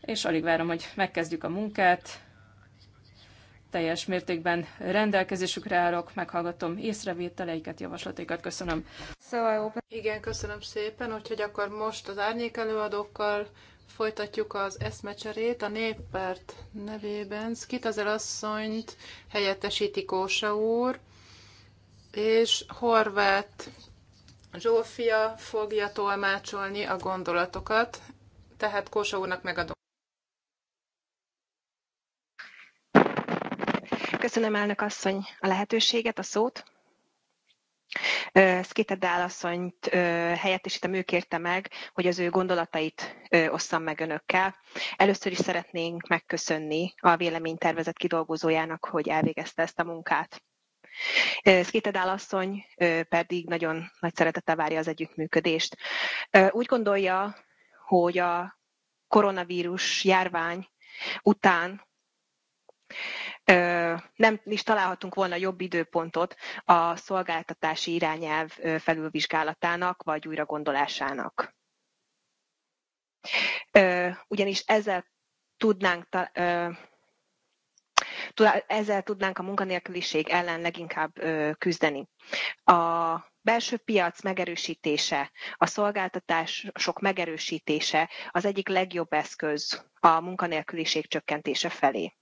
és alig várom, hogy megkezdjük a munkát, teljes mértékben rendelkezésükre állok, meghallgatom észrevételeiket, javaslatokat Köszönöm. Igen, köszönöm szépen, úgyhogy akkor most az árnyék előadókkal folytatjuk az eszmecserét. A néppárt nevében az elasszonyt helyettesíti Kósa úr, és Horváth Zsófia fogja tolmácsolni a gondolatokat, tehát Kósa úrnak megadom. Köszönöm elnök asszony a lehetőséget, a szót. Skitter Dál asszonyt helyettesítem, ő kérte meg, hogy az ő gondolatait osszam meg önökkel. Először is szeretnénk megköszönni a véleménytervezet kidolgozójának, hogy elvégezte ezt a munkát. Szkétedál asszony pedig nagyon nagy szeretettel várja az együttműködést. Úgy gondolja, hogy a koronavírus járvány után nem is találhatunk volna jobb időpontot a szolgáltatási irányelv felülvizsgálatának vagy újragondolásának. Ugyanis ezzel tudnánk ezzel tudnánk a munkanélküliség ellen leginkább küzdeni. A belső piac megerősítése, a szolgáltatások megerősítése az egyik legjobb eszköz a munkanélküliség csökkentése felé.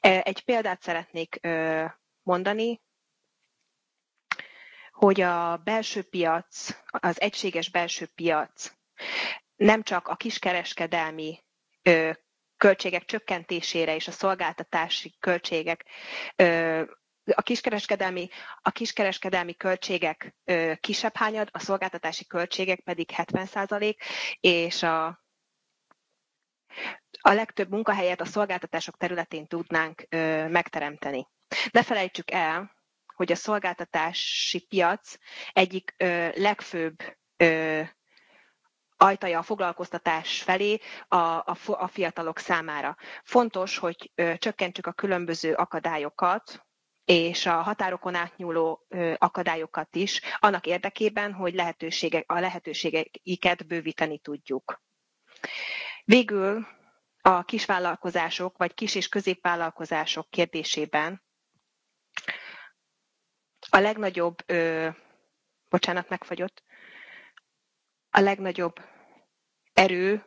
Egy példát szeretnék mondani, hogy a belső piac, az egységes belső piac nem csak a kiskereskedelmi költségek csökkentésére és a szolgáltatási költségek a kiskereskedelmi, a kiskereskedelmi költségek kisebb hányad, a szolgáltatási költségek pedig 70 és a a legtöbb munkahelyet a szolgáltatások területén tudnánk ö, megteremteni. Ne felejtsük el, hogy a szolgáltatási piac egyik ö, legfőbb ö, ajtaja a foglalkoztatás felé a, a, a fiatalok számára. Fontos, hogy ö, csökkentsük a különböző akadályokat, és a határokon átnyúló akadályokat is, annak érdekében, hogy lehetőségek, a lehetőségeiket bővíteni tudjuk. Végül a kisvállalkozások vagy kis- és középvállalkozások kérdésében a legnagyobb, ö, bocsánat, megfagyott, a legnagyobb erő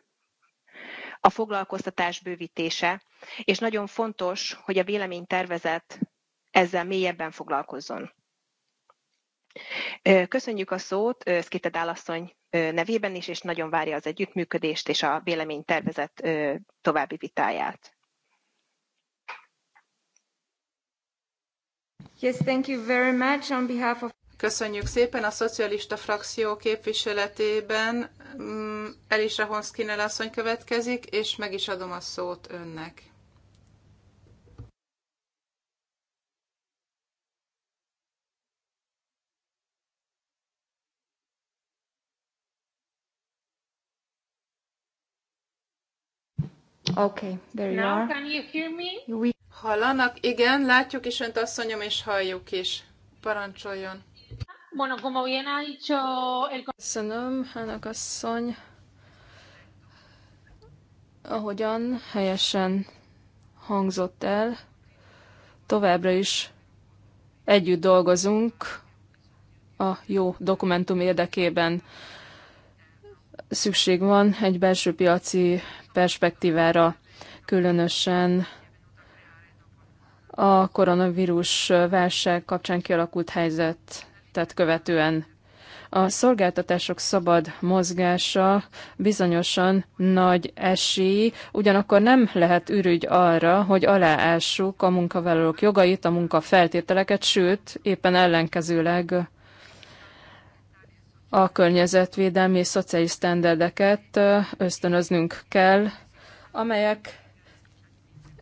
a foglalkoztatás bővítése, és nagyon fontos, hogy a véleménytervezet ezzel mélyebben foglalkozzon. Köszönjük a szót Szkite Dálasszony nevében is, és nagyon várja az együttműködést és a véleménytervezet további vitáját. Yes, thank you very much on behalf of... Köszönjük szépen a szocialista frakció képviseletében. Mm, Elisa Honszkinel asszony következik, és meg is adom a szót önnek. Okay, there you Now are. can you hear me? We... Hallanak? Igen, látjuk is önt, asszonyom, és halljuk is. Parancsoljon. Bueno, como bien ha dicho el... Köszönöm, Hának asszony. Ahogyan helyesen hangzott el, továbbra is együtt dolgozunk a jó dokumentum érdekében szükség van egy belső piaci perspektívára, különösen a koronavírus válság kapcsán kialakult helyzetet követően. A szolgáltatások szabad mozgása bizonyosan nagy esély, ugyanakkor nem lehet ürügy arra, hogy aláássuk a munkavállalók jogait, a munkafeltételeket, sőt, éppen ellenkezőleg a környezetvédelmi és szociális sztenderdeket ösztönöznünk kell, amelyek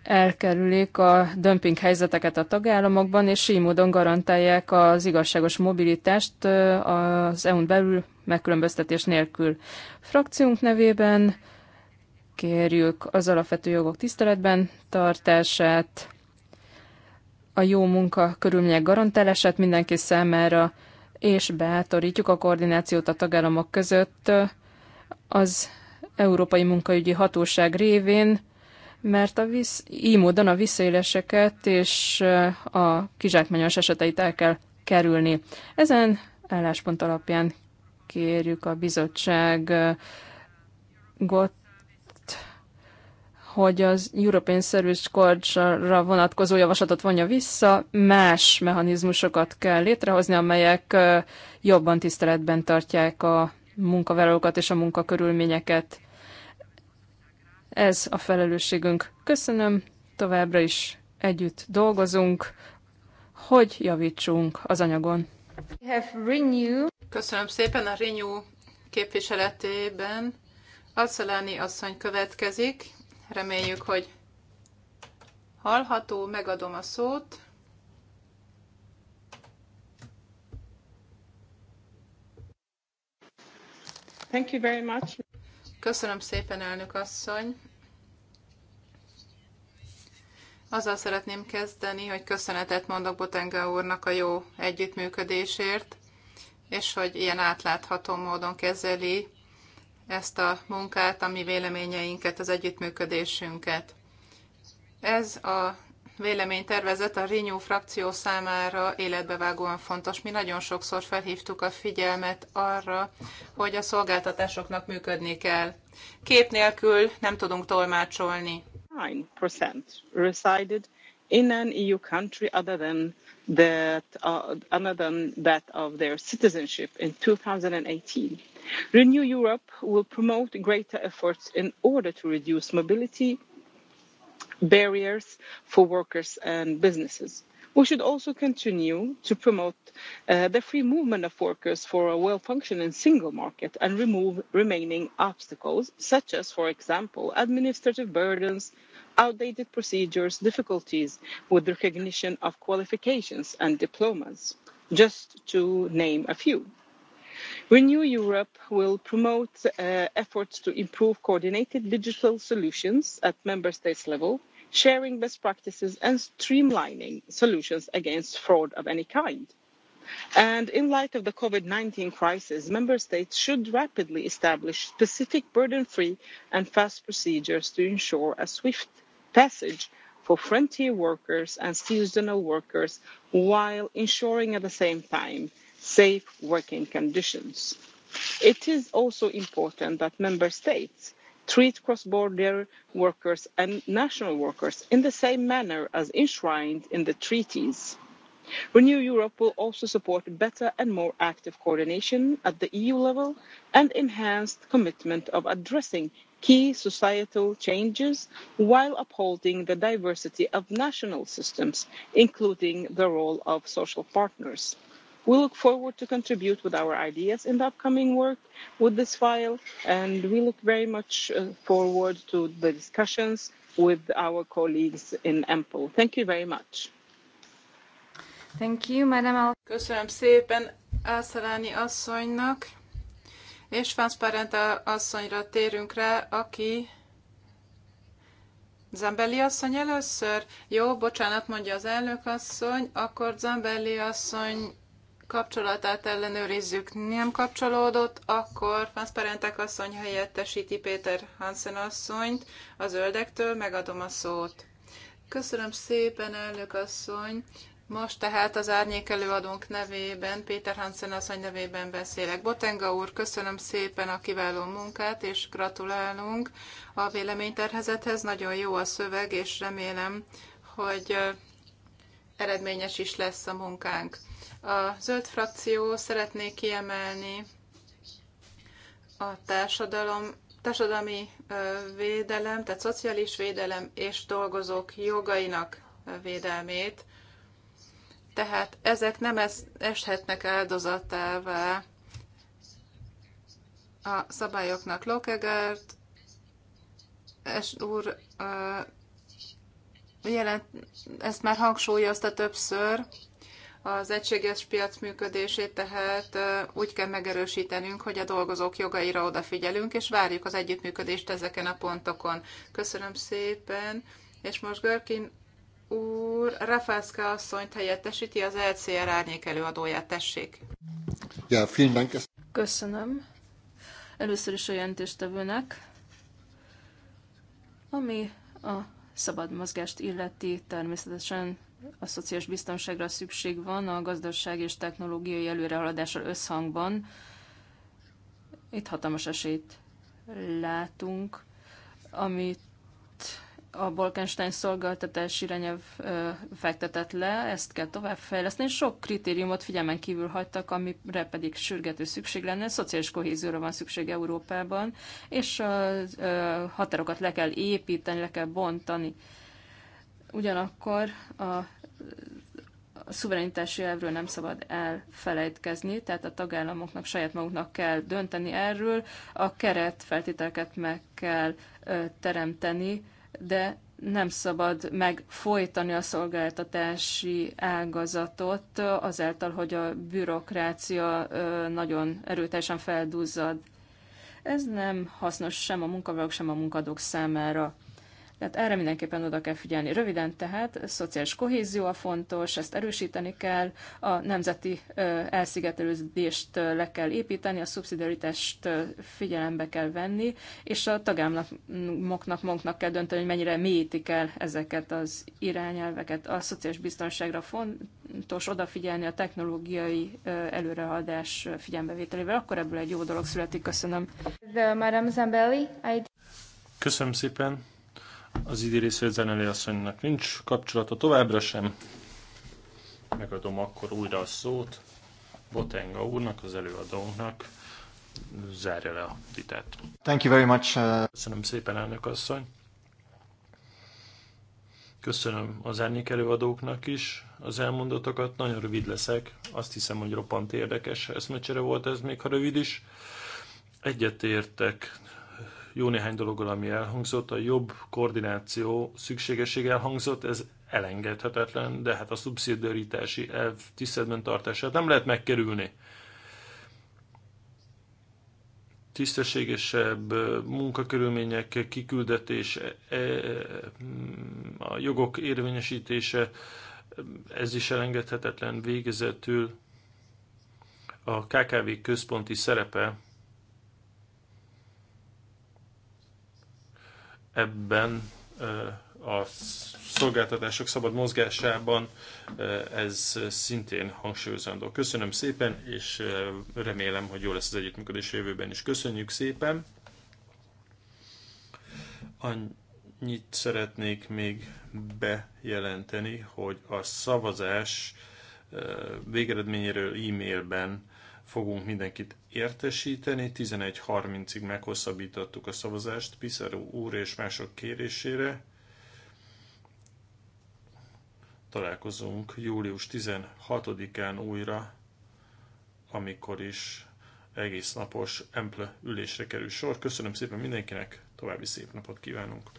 elkerülik a dömping helyzeteket a tagállamokban, és így módon garantálják az igazságos mobilitást az EU-n belül megkülönböztetés nélkül. Frakciónk nevében kérjük az alapvető jogok tiszteletben tartását, a jó munka körülmények garantálását mindenki számára, és bátorítjuk a koordinációt a tagállamok között az Európai Munkaügyi Hatóság révén, mert a visz, így módon a visszaéléseket és a kizsákmányos eseteit el kell kerülni. Ezen álláspont alapján kérjük a bizottságot hogy az European Service Corps-ra vonatkozó javaslatot vonja vissza, más mechanizmusokat kell létrehozni, amelyek jobban tiszteletben tartják a munkavállalókat és a munkakörülményeket. Ez a felelősségünk. Köszönöm, továbbra is együtt dolgozunk, hogy javítsunk az anyagon. Köszönöm szépen a Renew képviseletében. Arszaláni asszony következik, Reméljük, hogy hallható, megadom a szót. Thank you very much. Köszönöm szépen, elnök asszony. Azzal szeretném kezdeni, hogy köszönetet mondok Botenga úrnak a jó együttműködésért, és hogy ilyen átlátható módon kezeli ezt a munkát, a mi véleményeinket, az együttműködésünket. Ez a véleménytervezet a Renew frakció számára életbevágóan fontos. Mi nagyon sokszor felhívtuk a figyelmet arra, hogy a szolgáltatásoknak működni kell. Kép nélkül nem tudunk tolmácsolni. 9% resided in an EU country other than that, uh, other than that of their citizenship in 2018 renew europe will promote greater efforts in order to reduce mobility barriers for workers and businesses. We should also continue to promote uh, the free movement of workers for a well-functioning single market and remove remaining obstacles, such as, for example, administrative burdens, outdated procedures, difficulties with recognition of qualifications and diplomas, just to name a few renew europe will promote uh, efforts to improve coordinated digital solutions at member states level sharing best practices and streamlining solutions against fraud of any kind. And in light of the covid 19 crisis member states should rapidly establish specific burden free and fast procedures to ensure a swift passage for frontier workers and seasonal workers while ensuring at the same time safe working conditions. It is also important that member states treat cross-border workers and national workers in the same manner as enshrined in the treaties. Renew Europe will also support better and more active coordination at the EU level and enhanced commitment of addressing key societal changes while upholding the diversity of national systems, including the role of social partners. We look forward to contribute with our ideas in the upcoming work with this file, and we look very much uh, forward to the discussions with our colleagues in EMPL. Thank you very much. Thank you, Madam Al- Köszönöm szépen Ászalányi asszonynak, és Fanszparenta asszonyra térünk rá, aki Zambelli asszony először? Jó, bocsánat, mondja az elnök asszony, akkor Zambelli asszony kapcsolatát ellenőrizzük, nem kapcsolódott, akkor Transparentek asszony helyettesíti Péter Hansen asszonyt a zöldektől, megadom a szót. Köszönöm szépen, elnök asszony. Most tehát az árnyék előadónk nevében, Péter Hansen asszony nevében beszélek. Botenga úr, köszönöm szépen a kiváló munkát, és gratulálunk a véleményterhezethez. Nagyon jó a szöveg, és remélem, hogy eredményes is lesz a munkánk. A zöld frakció szeretné kiemelni a társadalom, társadalmi védelem, tehát szociális védelem és dolgozók jogainak védelmét. Tehát ezek nem eshetnek áldozatává a szabályoknak. Lokegárt es úr jelent, ezt már hangsúlyozta többször, az egységes piac működését tehát úgy kell megerősítenünk, hogy a dolgozók jogaira odafigyelünk, és várjuk az együttműködést ezeken a pontokon. Köszönöm szépen, és most Görkin úr Rafalska asszonyt helyettesíti az LCR árnyék előadóját. Tessék! Ja, vielen Dank. Köszönöm. Először is a jelentéstevőnek, ami a szabad mozgást illeti természetesen a szociális biztonságra szükség van a gazdaság és technológiai előrehaladással összhangban. Itt hatalmas esélyt látunk, amit a Bolkenstein szolgáltatás irányelv fektetett le, ezt kell továbbfejleszteni. Sok kritériumot figyelmen kívül hagytak, amire pedig sürgető szükség lenne. Szociális kohézióra van szükség Európában, és a határokat le kell építeni, le kell bontani. Ugyanakkor a a szuverenitási elvről nem szabad elfelejtkezni, tehát a tagállamoknak saját maguknak kell dönteni erről, a keret feltételeket meg kell teremteni, de nem szabad megfolytani a szolgáltatási ágazatot azáltal, hogy a bürokrácia nagyon erőteljesen feldúzzad. Ez nem hasznos sem a munkavállalók, sem a munkadók számára. Tehát erre mindenképpen oda kell figyelni. Röviden tehát, szociális kohézió a fontos, ezt erősíteni kell, a nemzeti elszigetelődést le kell építeni, a szubszidiaritást figyelembe kell venni, és a tagállamoknak, magnak kell dönteni, hogy mennyire mélyítik el ezeket az irányelveket. A szociális biztonságra fontos odafigyelni a technológiai előrehaladás figyelmevételével, akkor ebből egy jó dolog születik. Köszönöm. Köszönöm szépen. Az idő részvét zenelé asszonynak nincs kapcsolata továbbra sem. Megadom akkor újra a szót Botenga úrnak, az előadónknak. Zárja le a vitát. Thank you very much. Uh... Köszönöm szépen, elnök asszony. Köszönöm az árnyék előadóknak is az elmondottakat. Nagyon rövid leszek. Azt hiszem, hogy roppant érdekes eszmecsere volt ez, még ha rövid is. Egyetértek jó néhány dologgal, ami elhangzott. A jobb koordináció szükségessége elhangzott, ez elengedhetetlen, de hát a szubszidiaritási elv tiszteletben tartását nem lehet megkerülni. Tisztességesebb munkakörülmények kiküldetése, e, a jogok érvényesítése, ez is elengedhetetlen végezetül. A KKV központi szerepe ebben a szolgáltatások szabad mozgásában ez szintén hangsúlyozandó. Köszönöm szépen, és remélem, hogy jó lesz az együttműködés jövőben is. Köszönjük szépen! Annyit szeretnék még bejelenteni, hogy a szavazás végeredményéről e-mailben fogunk mindenkit értesíteni. 11.30-ig meghosszabbítottuk a szavazást Piszeró úr és mások kérésére. Találkozunk július 16-án újra, amikor is egész napos emple ülésre kerül sor. Köszönöm szépen mindenkinek, további szép napot kívánunk!